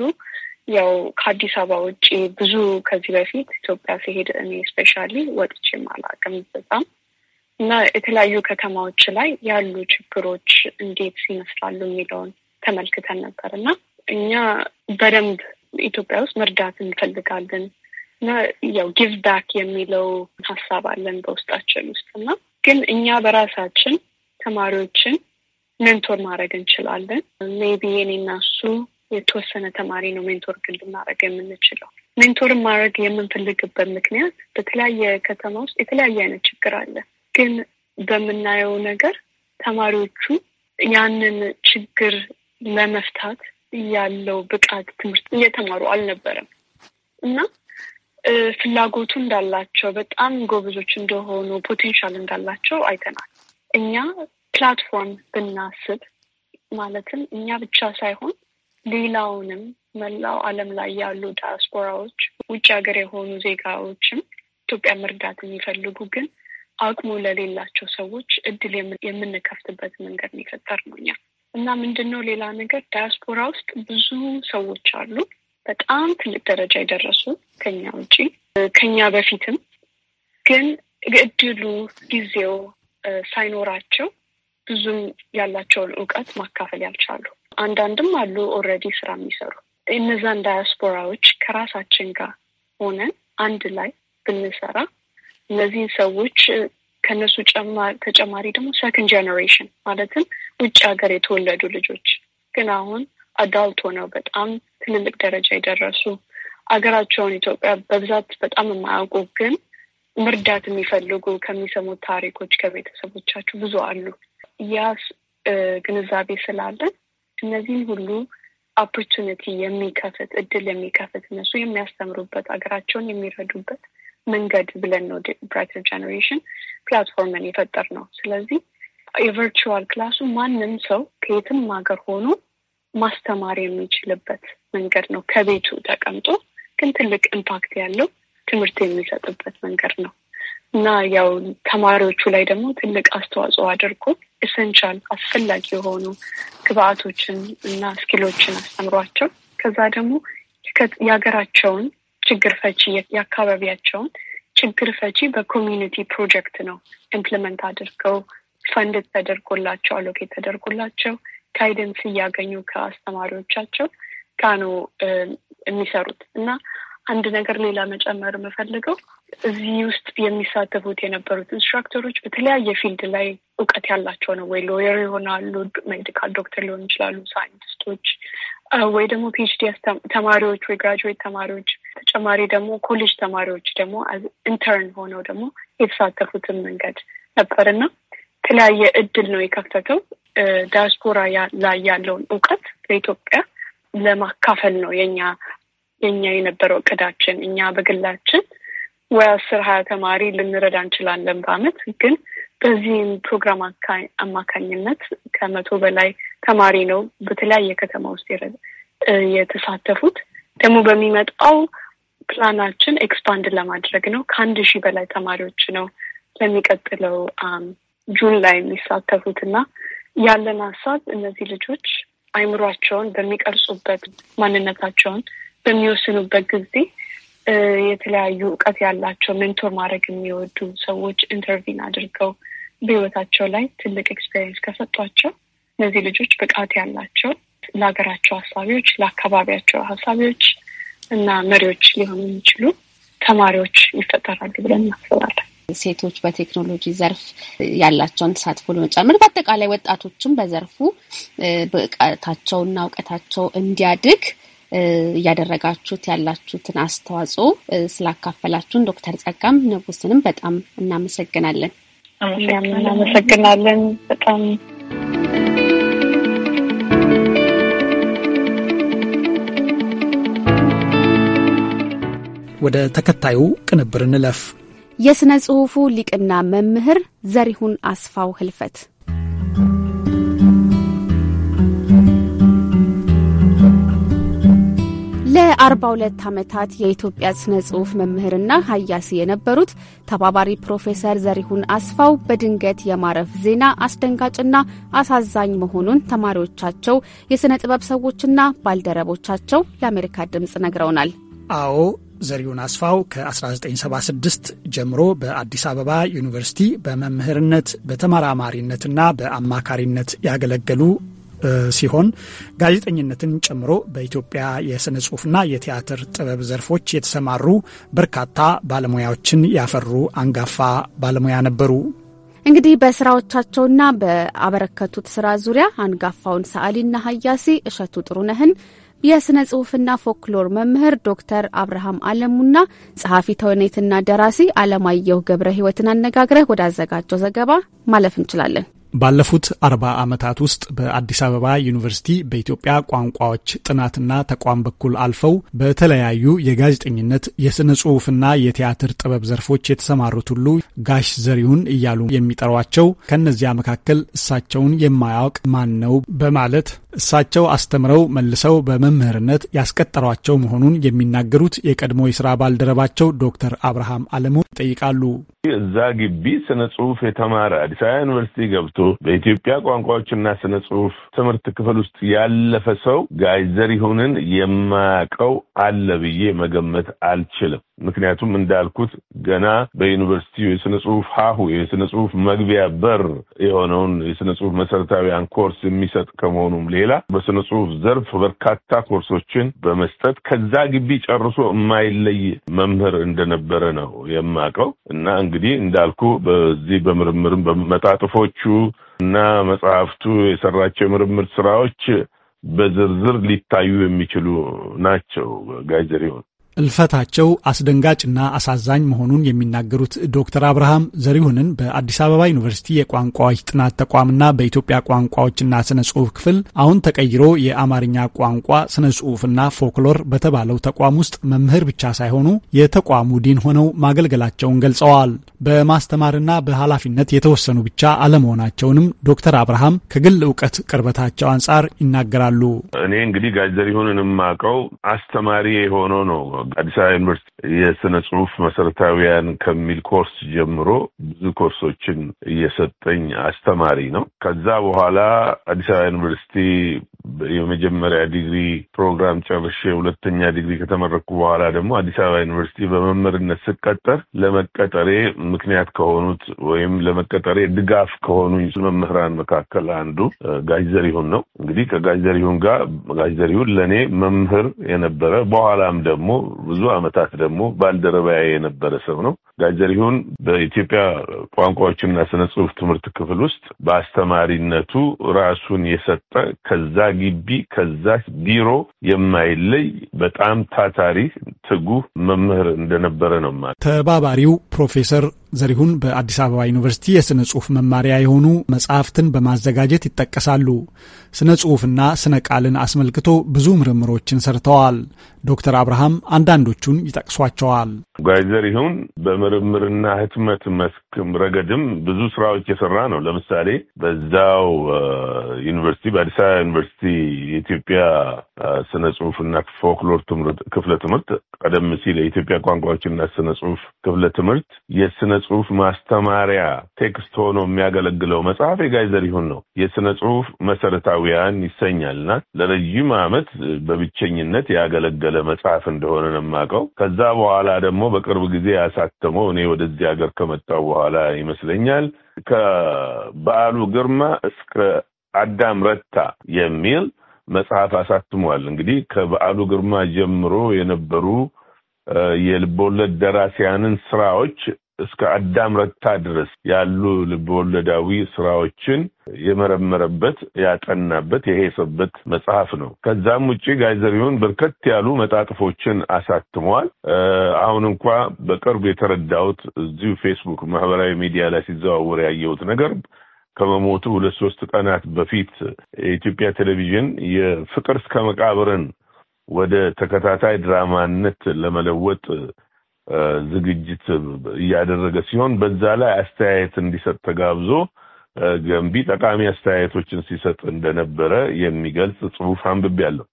ያው ከአዲስ አበባ ውጭ ብዙ ከዚህ በፊት ኢትዮጵያ ሲሄድ እኔ ስፔሻሊ ወጥቼም አላውቅም። በጣም እና የተለያዩ ከተማዎች ላይ ያሉ ችግሮች እንዴት ይመስላሉ የሚለውን ተመልክተን ነበር እና እኛ በደንብ ኢትዮጵያ ውስጥ መርዳት እንፈልጋለን እና ያው ጊቭ ባክ የሚለው ሀሳብ አለን በውስጣችን ውስጥ እና ግን እኛ በራሳችን ተማሪዎችን ሜንቶር ማድረግ እንችላለን። ሜቢ እኔ እና እሱ የተወሰነ ተማሪ ነው ሜንቶር ግን ልናደረግ የምንችለው። ሜንቶር ማድረግ የምንፈልግበት ምክንያት በተለያየ ከተማ ውስጥ የተለያየ አይነት ችግር አለ። ግን በምናየው ነገር ተማሪዎቹ ያንን ችግር ለመፍታት ያለው ብቃት ትምህርት እየተማሩ አልነበረም እና ፍላጎቱ እንዳላቸው በጣም ጎበዞች እንደሆኑ ፖቴንሻል እንዳላቸው አይተናል። እኛ ፕላትፎርም ብናስብ ማለትም እኛ ብቻ ሳይሆን ሌላውንም መላው ዓለም ላይ ያሉ ዲያስፖራዎች፣ ውጭ ሀገር የሆኑ ዜጋዎችም ኢትዮጵያ መርዳት የሚፈልጉ ግን አቅሙ ለሌላቸው ሰዎች እድል የምንከፍትበት መንገድ ነው የፈጠር ነው እኛ እና ምንድን ነው ሌላ ነገር ዳያስፖራ ውስጥ ብዙ ሰዎች አሉ። በጣም ትልቅ ደረጃ የደረሱ ከኛ ውጪ ከኛ በፊትም ግን እድሉ ጊዜው ሳይኖራቸው ብዙም ያላቸውን እውቀት ማካፈል ያልቻሉ አንዳንድም አሉ ኦረዲ ስራ የሚሰሩ እነዛን ዳያስፖራዎች ከራሳችን ጋር ሆነን አንድ ላይ ብንሰራ እነዚህን ሰዎች ከእነሱ ተጨማሪ ደግሞ ሰከንድ ጀኔሬሽን ማለትም ውጭ ሀገር የተወለዱ ልጆች ግን አሁን አዳልት ሆነው በጣም ትልልቅ ደረጃ የደረሱ አገራቸውን ኢትዮጵያ በብዛት በጣም የማያውቁ ግን መርዳት የሚፈልጉ ከሚሰሙት ታሪኮች ከቤተሰቦቻቸው ብዙ አሉ። ያ ግንዛቤ ስላለን እነዚህን ሁሉ ኦፖርቹኒቲ የሚከፍት እድል የሚከፍት እነሱ የሚያስተምሩበት አገራቸውን የሚረዱበት መንገድ ብለን ነው ብራይተር ጀኔሬሽን ፕላትፎርምን የፈጠር ነው። ስለዚህ የቨርቹዋል ክላሱ ማንም ሰው ከየትም ሀገር ሆኖ ማስተማር የሚችልበት መንገድ ነው። ከቤቱ ተቀምጦ ግን ትልቅ ኢምፓክት ያለው ትምህርት የሚሰጥበት መንገድ ነው እና ያው ተማሪዎቹ ላይ ደግሞ ትልቅ አስተዋጽኦ አድርጎ ኢሰንሻል አስፈላጊ የሆኑ ግብአቶችን እና ስኪሎችን አስተምሯቸው ከዛ ደግሞ የሀገራቸውን ችግር ፈቺ የአካባቢያቸውን ችግር ፈቺ በኮሚኒቲ ፕሮጀክት ነው ኢምፕሊመንት አድርገው ፈንድ ተደርጎላቸው አሎኬት ተደርጎላቸው ጋይደንስ እያገኙ ከአስተማሪዎቻቸው ጋ ነው የሚሰሩት እና አንድ ነገር ሌላ መጨመር የምፈልገው እዚህ ውስጥ የሚሳተፉት የነበሩት ኢንስትራክተሮች በተለያየ ፊልድ ላይ እውቀት ያላቸው ነው ወይ ሎየር ይሆናሉ፣ ሜዲካል ዶክተር ሊሆኑ ይችላሉ፣ ሳይንቲስቶች ወይ ደግሞ ፒኤችዲ ተማሪዎች ወይ ግራጁዌት ተማሪዎች፣ ተጨማሪ ደግሞ ኮሌጅ ተማሪዎች ደግሞ ኢንተርን ሆነው ደግሞ የተሳተፉትን መንገድ ነበርና የተለያየ እድል ነው የከፈተው። ዳያስፖራ ላይ ያለውን እውቀት በኢትዮጵያ ለማካፈል ነው የኛ የኛ የነበረው እቅዳችን እኛ በግላችን ወይ አስር ሀያ ተማሪ ልንረዳ እንችላለን በአመት ግን በዚህም ፕሮግራም አማካኝነት ከመቶ በላይ ተማሪ ነው በተለያየ ከተማ ውስጥ የተሳተፉት። ደግሞ በሚመጣው ፕላናችን ኤክስፓንድ ለማድረግ ነው። ከአንድ ሺህ በላይ ተማሪዎች ነው ለሚቀጥለው ጁን ላይ የሚሳተፉት እና ያለን ሀሳብ እነዚህ ልጆች አይምሯቸውን በሚቀርጹበት ማንነታቸውን በሚወስኑበት ጊዜ የተለያዩ እውቀት ያላቸው ሜንቶር ማድረግ የሚወዱ ሰዎች ኢንተርቪን አድርገው በህይወታቸው ላይ ትልቅ ኤክስፔሪንስ ከሰጧቸው እነዚህ ልጆች ብቃት ያላቸው ለሀገራቸው ሀሳቢዎች፣ ለአካባቢያቸው ሀሳቢዎች እና መሪዎች ሊሆኑ የሚችሉ ተማሪዎች ይፈጠራሉ ብለን እናስባለን። ሴቶች በቴክኖሎጂ ዘርፍ ያላቸውን ተሳትፎ ለመጨመር በአጠቃላይ ወጣቶችም በዘርፉ ብቃታቸውና እውቀታቸው እንዲያድግ እያደረጋችሁት ያላችሁትን አስተዋጽኦ ስላካፈላችሁን ዶክተር ጸጋም ንጉስንም በጣም እናመሰግናለን። እናመሰግናለን በጣም ወደ ተከታዩ ቅንብር እንለፍ። የሥነ ጽሑፉ ሊቅና መምህር ዘሪሁን አስፋው ህልፈት ለ42 ዓመታት የኢትዮጵያ ስነ ጽሑፍ መምህርና ሀያሲ የነበሩት ተባባሪ ፕሮፌሰር ዘሪሁን አስፋው በድንገት የማረፍ ዜና አስደንጋጭና አሳዛኝ መሆኑን ተማሪዎቻቸው፣ የሥነ ጥበብ ሰዎችና ባልደረቦቻቸው ለአሜሪካ ድምፅ ነግረውናል። አዎ ዘሪሁን አስፋው ከ1976 ጀምሮ በአዲስ አበባ ዩኒቨርሲቲ በመምህርነት በተመራማሪነትና በአማካሪነት ያገለገሉ ሲሆን ጋዜጠኝነትን ጨምሮ በኢትዮጵያ የስነ ጽሁፍና የቲያትር ጥበብ ዘርፎች የተሰማሩ በርካታ ባለሙያዎችን ያፈሩ አንጋፋ ባለሙያ ነበሩ። እንግዲህ በስራዎቻቸውና በአበረከቱት ስራ ዙሪያ አንጋፋውን ሰዓሊና ሀያሲ እሸቱ ጥሩነህን የስነ ጽሁፍና ፎክሎር መምህር ዶክተር አብርሃም አለሙና ጸሐፊ ተውኔትና ደራሲ አለማየሁ ገብረ ህይወትን አነጋግረህ ወዳዘጋጀው ዘገባ ማለፍ እንችላለን። ባለፉት አርባ ዓመታት ውስጥ በአዲስ አበባ ዩኒቨርሲቲ በኢትዮጵያ ቋንቋዎች ጥናትና ተቋም በኩል አልፈው በተለያዩ የጋዜጠኝነት የስነ ጽሑፍና የቲያትር ጥበብ ዘርፎች የተሰማሩት ሁሉ ጋሽ ዘሪሁን እያሉ የሚጠሯቸው ከእነዚያ መካከል እሳቸውን የማያውቅ ማን ነው በማለት እሳቸው አስተምረው መልሰው በመምህርነት ያስቀጠሯቸው መሆኑን የሚናገሩት የቀድሞ የስራ ባልደረባቸው ዶክተር አብርሃም አለሙ ይጠይቃሉ። እዛ ግቢ ስነ ጽሁፍ የተማረ አዲስ አበባ ዩኒቨርሲቲ ገብቶ በኢትዮጵያ ቋንቋዎችና ስነ ጽሁፍ ትምህርት ክፍል ውስጥ ያለፈ ሰው ጋይዘር ይሁንን የማያውቀው አለ ብዬ መገመት አልችልም። ምክንያቱም እንዳልኩት ገና በዩኒቨርሲቲው የስነ ጽሁፍ ሀሁ የስነ ጽሁፍ መግቢያ በር የሆነውን የስነ ጽሁፍ መሰረታዊያን ኮርስ የሚሰጥ ከመሆኑም ሌላ በስነ ጽሁፍ ዘርፍ በርካታ ኮርሶችን በመስጠት ከዛ ግቢ ጨርሶ የማይለይ መምህር እንደነበረ ነው የማውቀው እና እንግዲህ እንዳልኩ በዚህ በምርምርም በመጣጥፎቹ እና መጽሐፍቱ የሰራቸው የምርምር ስራዎች በዝርዝር ሊታዩ የሚችሉ ናቸው። ጋይዘሪሆን እልፈታቸው አስደንጋጭና አሳዛኝ መሆኑን የሚናገሩት ዶክተር አብርሃም ዘሪሁንን በአዲስ አበባ ዩኒቨርሲቲ የቋንቋዎች ጥናት ተቋምና በኢትዮጵያ ቋንቋዎችና ስነ ጽሁፍ ክፍል አሁን ተቀይሮ የአማርኛ ቋንቋ ስነ ጽሁፍና ፎክሎር በተባለው ተቋም ውስጥ መምህር ብቻ ሳይሆኑ የተቋሙ ዲን ሆነው ማገልገላቸውን ገልጸዋል። በማስተማርና በኃላፊነት የተወሰኑ ብቻ አለመሆናቸውንም ዶክተር አብርሃም ከግል እውቀት ቅርበታቸው አንጻር ይናገራሉ። እኔ እንግዲህ ጋሽ ዘሪሁንን የማውቀው አስተማሪ የሆነው ነው አዲስ አበባ ዩኒቨርሲቲ የስነ ጽሁፍ መሰረታዊያን ከሚል ኮርስ ጀምሮ ብዙ ኮርሶችን እየሰጠኝ አስተማሪ ነው። ከዛ በኋላ አዲስ አበባ ዩኒቨርሲቲ የመጀመሪያ ዲግሪ ፕሮግራም ጨርሼ ሁለተኛ ዲግሪ ከተመረኩ በኋላ ደግሞ አዲስ አበባ ዩኒቨርሲቲ በመምህርነት ስቀጠር ለመቀጠሬ ምክንያት ከሆኑት ወይም ለመቀጠሬ ድጋፍ ከሆኑኝ መምህራን መካከል አንዱ ጋሽ ዘሪሁን ነው። እንግዲህ ከጋሽ ዘሪሁን ጋር ጋሽ ዘሪሁን ለእኔ መምህር የነበረ በኋላም ደግሞ ብዙ ዓመታት ደግሞ ባልደረባያ የነበረ ሰው ነው። ጋሽ ዘሪሁን በኢትዮጵያ ቋንቋዎችና ስነ ጽሁፍ ትምህርት ክፍል ውስጥ በአስተማሪነቱ ራሱን የሰጠ ከዛ ግቢ ከዛ ቢሮ የማይለይ በጣም ታታሪ ትጉህ መምህር እንደነበረ ነው ማለት። ተባባሪው ፕሮፌሰር ዘሪሁን በአዲስ አበባ ዩኒቨርሲቲ የሥነ ጽሑፍ መማሪያ የሆኑ መጽሐፍትን በማዘጋጀት ይጠቀሳሉ። ስነ ጽሑፍና ስነ ቃልን አስመልክቶ ብዙ ምርምሮችን ሰርተዋል። ዶክተር አብርሃም አንዳንዶቹን ይጠቅሷቸዋል። ጋይ ዘሪሁን በምርምርና ህትመት መስክም ረገድም ብዙ ስራዎች የሰራ ነው። ለምሳሌ በዛው ዩኒቨርሲቲ በአዲስ አበባ ዩኒቨርሲቲ የኢትዮጵያ ስነ ጽሑፍና ፎክሎር ክፍለ ትምህርት ቀደም ሲል የኢትዮጵያ ቋንቋዎችና ስነ ጽሑፍ ክፍለ ትምህርት የስነ ጽሁፍ ማስተማሪያ ቴክስት ሆኖ የሚያገለግለው መጽሐፍ የጋሽ ዘሪሁን ነው። የስነ ጽሁፍ መሰረታዊያን ይሰኛልና ለረዥም ዓመት በብቸኝነት ያገለገለ መጽሐፍ እንደሆነ ነው የማውቀው። ከዛ በኋላ ደግሞ በቅርብ ጊዜ ያሳተመው እኔ ወደዚህ ሀገር ከመጣው በኋላ ይመስለኛል ከበዓሉ ግርማ እስከ አዳም ረታ የሚል መጽሐፍ አሳትሟል። እንግዲህ ከበዓሉ ግርማ ጀምሮ የነበሩ የልቦለድ ደራሲያንን ስራዎች እስከ አዳም ረታ ድረስ ያሉ ልብወለዳዊ ስራዎችን የመረመረበት ያጠናበት የሄሰበት መጽሐፍ ነው። ከዛም ውጭ ጋይዘሪውን በርከት ያሉ መጣጥፎችን አሳትመዋል። አሁን እንኳ በቅርብ የተረዳሁት እዚሁ ፌስቡክ ማህበራዊ ሚዲያ ላይ ሲዘዋወር ያየሁት ነገር ከመሞቱ ሁለት ሶስት ቀናት በፊት የኢትዮጵያ ቴሌቪዥን የፍቅር እስከ መቃብርን ወደ ተከታታይ ድራማነት ለመለወጥ ዝግጅት እያደረገ ሲሆን በዛ ላይ አስተያየት እንዲሰጥ ተጋብዞ ገንቢ ጠቃሚ አስተያየቶችን ሲሰጥ እንደነበረ የሚገልጽ ጽሁፍ አንብቤ ያለው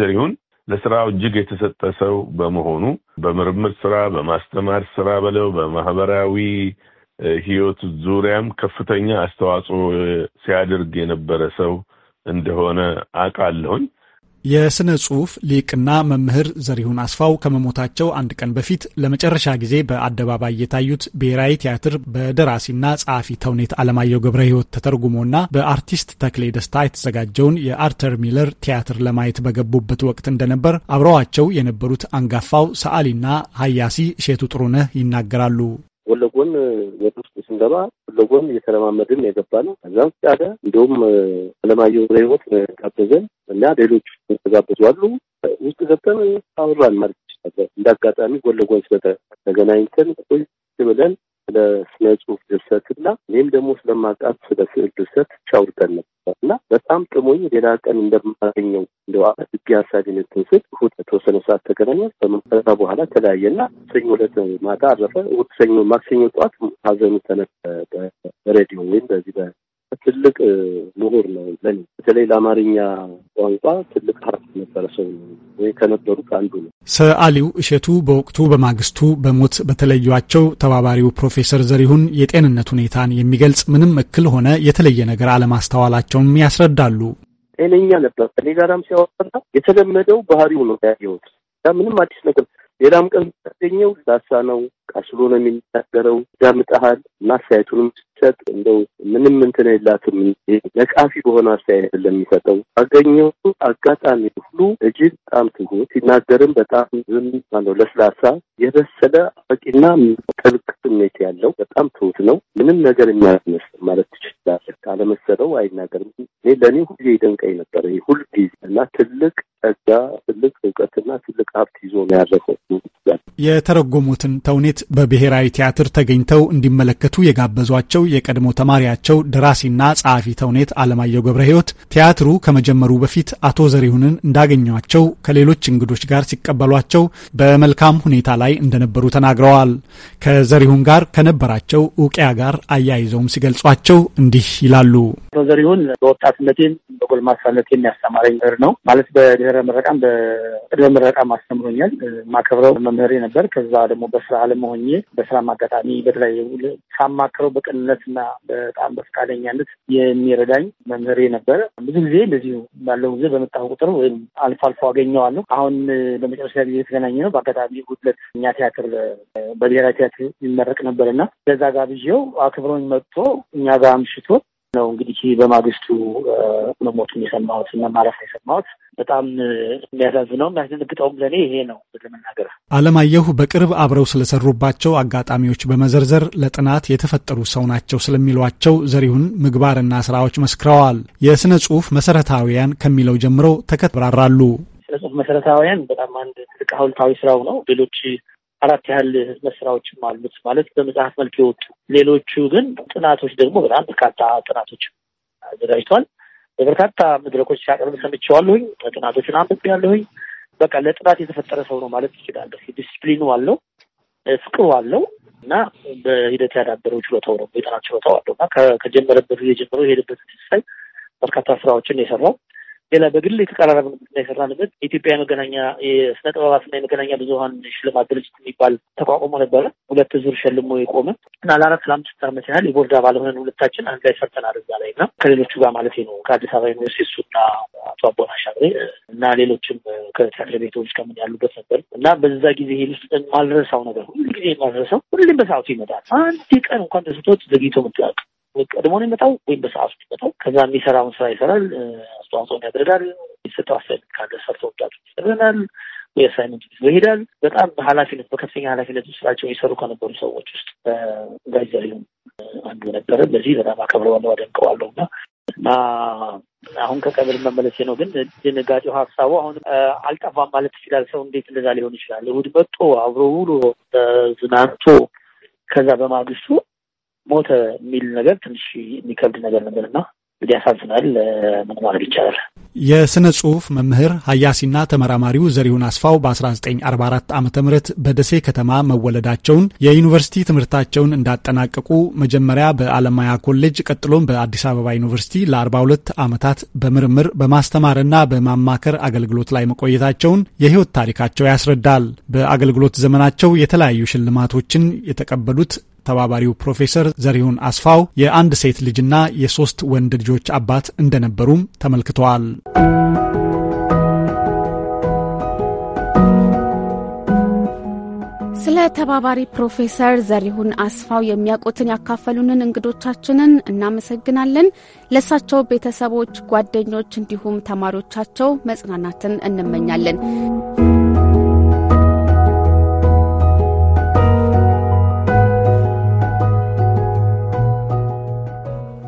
ዘሪሁን ለስራው እጅግ የተሰጠ ሰው በመሆኑ በምርምር ስራ፣ በማስተማር ስራ በለው በማህበራዊ ህይወት ዙሪያም ከፍተኛ አስተዋጽኦ ሲያደርግ የነበረ ሰው እንደሆነ አቃለሁኝ። የስነ ጽሁፍ ሊቅና መምህር ዘሪሁን አስፋው ከመሞታቸው አንድ ቀን በፊት ለመጨረሻ ጊዜ በአደባባይ የታዩት ብሔራዊ ቲያትር በደራሲና ጸሐፊ ተውኔት አለማየሁ ገብረ ሕይወት ተተርጉሞና በአርቲስት ተክሌ ደስታ የተዘጋጀውን የአርተር ሚለር ቲያትር ለማየት በገቡበት ወቅት እንደነበር አብረዋቸው የነበሩት አንጋፋው ሰዓሊና ሀያሲ እሼቱ ጥሩነህ ይናገራሉ። ጎን ለጎን ወደ ውስጥ ስንገባ ጎን ለጎን እየተለማመድን የገባ ነው። ከዛም ውጭ እንዲሁም አለማየሁ ህይወት ጋበዘን እና ሌሎች ተጋበዙ አሉ። ውስጥ ገብተን አወራን ማለት ይችላል። እንደ አጋጣሚ ጎን ለጎን ስለተገናኝተን ብለን ስለ ስነ ጽሁፍ ድርሰት እና እኔም ደግሞ ስለማውቃት ስለ ስዕል ድርሰት ቻውርተን ነበር እና በጣም ጥሞኝ ሌላ ቀን እንደማገኘው እንደ ህግ ሀሳቢነትን ስል እሑድ ተወሰነ ሰዓት ተገናኛል። ከዛ በኋላ ተለያየ እና ሰኞ ዕለት ማታ አረፈ። እሑድ ሰኞ ማክሰኞ ጠዋት ሀዘኑ ተነ በሬዲዮ ወይም በዚህ ትልቅ ምሁር ነው ለኔ። በተለይ ለአማርኛ ቋንቋ ትልቅ ሀርፍ ነበረ ሰው ወይ ከነበሩት አንዱ ነው። ሰዓሊው እሸቱ በወቅቱ በማግስቱ በሞት በተለዩቸው ተባባሪው ፕሮፌሰር ዘሪሁን የጤንነት ሁኔታን የሚገልጽ ምንም እክል ሆነ የተለየ ነገር አለማስተዋላቸውም ያስረዳሉ። ጤነኛ ነበር። ከኔ ጋራም ሲያወራ የተለመደው ባህሪው ነው ያየሁት። ምንም አዲስ ነገር ሌላም ቀን ታገኘው ሳሳ ነው፣ ቃስሎ ነው የሚናገረው። ዳምጠሃል እና አስተያየቱንም ስትሰጥ እንደው ምንም እንትን የላትም ነቃፊ በሆነ አስተያየት ለሚሰጠው አገኘው አጋጣሚ ሁሉ እጅግ በጣም ትሁት ሲናገርም በጣም ዝም ነው፣ ለስላሳ የበሰለ አዋቂና ጥልቅ ስሜት ያለው በጣም ትሁት ነው። ምንም ነገር የሚያስመስል ማለት ትችላለህ። ካለመሰለው አይናገርም። ለእኔ ሁሌ ደንቀኝ ነበረ ሁልጊዜ እና ትልቅ ጸጋ፣ ትልቅ እውቀትና ትልቅ ሀብት ይዞ ነው ያለፈው። የተረጎሙትን ተውኔት በብሔራዊ ቲያትር ተገኝተው እንዲመለከቱ የጋበዟቸው የቀድሞ ተማሪያቸው ደራሲና ጸሐፊ ተውኔት አለማየሁ ገብረ ሕይወት ቲያትሩ ከመጀመሩ በፊት አቶ ዘሪሁንን እንዳገኟቸው ከሌሎች እንግዶች ጋር ሲቀበሏቸው በመልካም ሁኔታ ላይ እንደነበሩ ተናግረዋል። ከዘሪሁን ጋር ከነበራቸው እውቅያ ጋር አያይዘውም ሲገልጿቸው እንዲህ ይላሉ። አቶ ዘሪሁን በወጣትነቴም በጎልማሳነቴም ያስተማረኝ ነው። ማለት በድህረ ምረቃም በቅድመ ምረቃም አስተምሮኛል። ማከብረው መምህሬ ነበር። ከዛ ደግሞ በስራ አለመሆኜ በስራ አጋጣሚ በተለያየ ሳማክረው በቅንነትና በጣም በፈቃደኛነት የሚረዳኝ መምህሬ ነበር። ብዙ ጊዜ እንደዚሁ ባለው ጊዜ በመጣሁ ቁጥር ወይም አልፎ አልፎ አገኘዋለሁ። አሁን በመጨረሻ ጊዜ የተገናኘ ነው በአጋጣሚ ጉድለት እኛ ቲያትር በብሔራዊ ቲያትር ይመረቅ ነበርና ጋር ብዬው አክብሮኝ መጥቶ እኛ ጋር አምሽቶ ነው እንግዲህ በማግስቱ መሞቱን የሰማሁት እና ማረፍ የሰማሁት በጣም የሚያሳዝነው የሚያስደነግጠውም ለእኔ ይሄ ነው ለመናገር። አለማየሁ በቅርብ አብረው ስለሰሩባቸው አጋጣሚዎች በመዘርዘር ለጥናት የተፈጠሩ ሰው ናቸው ስለሚሏቸው ዘሪሁን ምግባርና ስራዎች መስክረዋል። የስነ ጽሁፍ መሰረታዊያን ከሚለው ጀምሮ ተከብራራሉ። ስነ ጽሁፍ መሰረታዊያን በጣም አንድ ትልቅ ሀውልታዊ ስራው ነው። ሌሎች አራት ያህል ህትመት ስራዎችም አሉት ማለት በመጽሐፍ መልክ የወጡ ሌሎቹ ግን ጥናቶች ደግሞ በጣም በርካታ ጥናቶች አዘጋጅቷል። በበርካታ መድረኮች ሲያቀርብ ሰምቼዋለሁኝ። ጥናቶችን አንብቤያለሁኝ። በቃ ለጥናት የተፈጠረ ሰው ነው ማለት ይችላለሁ። ዲስፕሊኑ አለው፣ ፍቅሩ አለው እና በሂደት ያዳበረው ችሎታው ነው የጥናት ችሎታው አለው እና ከጀመረበት ጊዜ ጀምሮ የሄደበት ሳይ በርካታ ስራዎችን የሰራው ሌላ በግል የተቀራረብንበት እና የሰራንበት የኢትዮጵያ መገናኛ የስነ ጥበባትና የመገናኛ ብዙሀን ሽልማት ድርጅት የሚባል ተቋቁሞ ነበረ። ሁለት ዙር ሸልሞ የቆመ እና ለአራት ለአምስት ዓመት ያህል የቦርድ አባል ሆነን ሁለታችን አንድ ላይ ሰርተናል እዛ ላይ እና ከሌሎቹ ጋር ማለት ነው ከአዲስ አበባ ዩኒቨርሲቲ እሱና አቶ አቦና ሻግሬ እና ሌሎችም ከትያትር ቤቶች ከምን ያሉበት ነበር እና በዛ ጊዜ ይሄ ውስጥ ማልረሳው ነገር ሁሉ ጊዜ ማልረሳው ሁሉም በሰዓቱ ይመጣል። አንድ ቀን እንኳን ተስቶት ዘግይቶ ምትላቅ ወይ ቀድሞ ነው የሚመጣው ወይም በሰዓቱ ነው የሚመጣው። ከዛ የሚሰራውን ስራ ይሰራል፣ አስተዋጽኦ ያደርጋል። የሚሰጠው አሳይመንት ካለ ሰርቶ ወጣቱ ይሰረናል ወይ አሳይመንት ይሄዳል። በጣም በኃላፊነት በከፍተኛ ኃላፊነት ስራቸው የሰሩ ከነበሩ ሰዎች ውስጥ ጋይዘሪም አንዱ ነበረ። በዚህ በጣም አከብረዋለሁ፣ አደንቀዋለሁ እና አሁን ከቀብር መመለስ ነው። ግን ድንጋጤው ሀሳቡ አሁን አልጠፋም ማለት ይችላል። ሰው እንዴት እንደዛ ሊሆን ይችላል? እሑድ መጥቶ አብሮ ውሎ ዝናንቶ ከዛ በማግስቱ ሞተ የሚል ነገር ትንሽ የሚከብድ ነገር ነበርና እንግዲህ ያሳዝናል። ምን ማድረግ ይቻላል? የሥነ ጽሑፍ መምህር ሀያሲና ተመራማሪው ዘሪሁን አስፋው በ1944 ዓ ም በደሴ ከተማ መወለዳቸውን የዩኒቨርሲቲ ትምህርታቸውን እንዳጠናቀቁ መጀመሪያ በአለማያ ኮሌጅ ቀጥሎም በአዲስ አበባ ዩኒቨርሲቲ ለ42 ዓመታት በምርምር በማስተማርና በማማከር አገልግሎት ላይ መቆየታቸውን የሕይወት ታሪካቸው ያስረዳል። በአገልግሎት ዘመናቸው የተለያዩ ሽልማቶችን የተቀበሉት ተባባሪው ፕሮፌሰር ዘሪሁን አስፋው የአንድ ሴት ልጅና የሶስት ወንድ ልጆች አባት እንደነበሩም ተመልክተዋል። ስለ ተባባሪ ፕሮፌሰር ዘሪሁን አስፋው የሚያውቁትን ያካፈሉንን እንግዶቻችንን እናመሰግናለን። ለእሳቸው ቤተሰቦች፣ ጓደኞች እንዲሁም ተማሪዎቻቸው መጽናናትን እንመኛለን።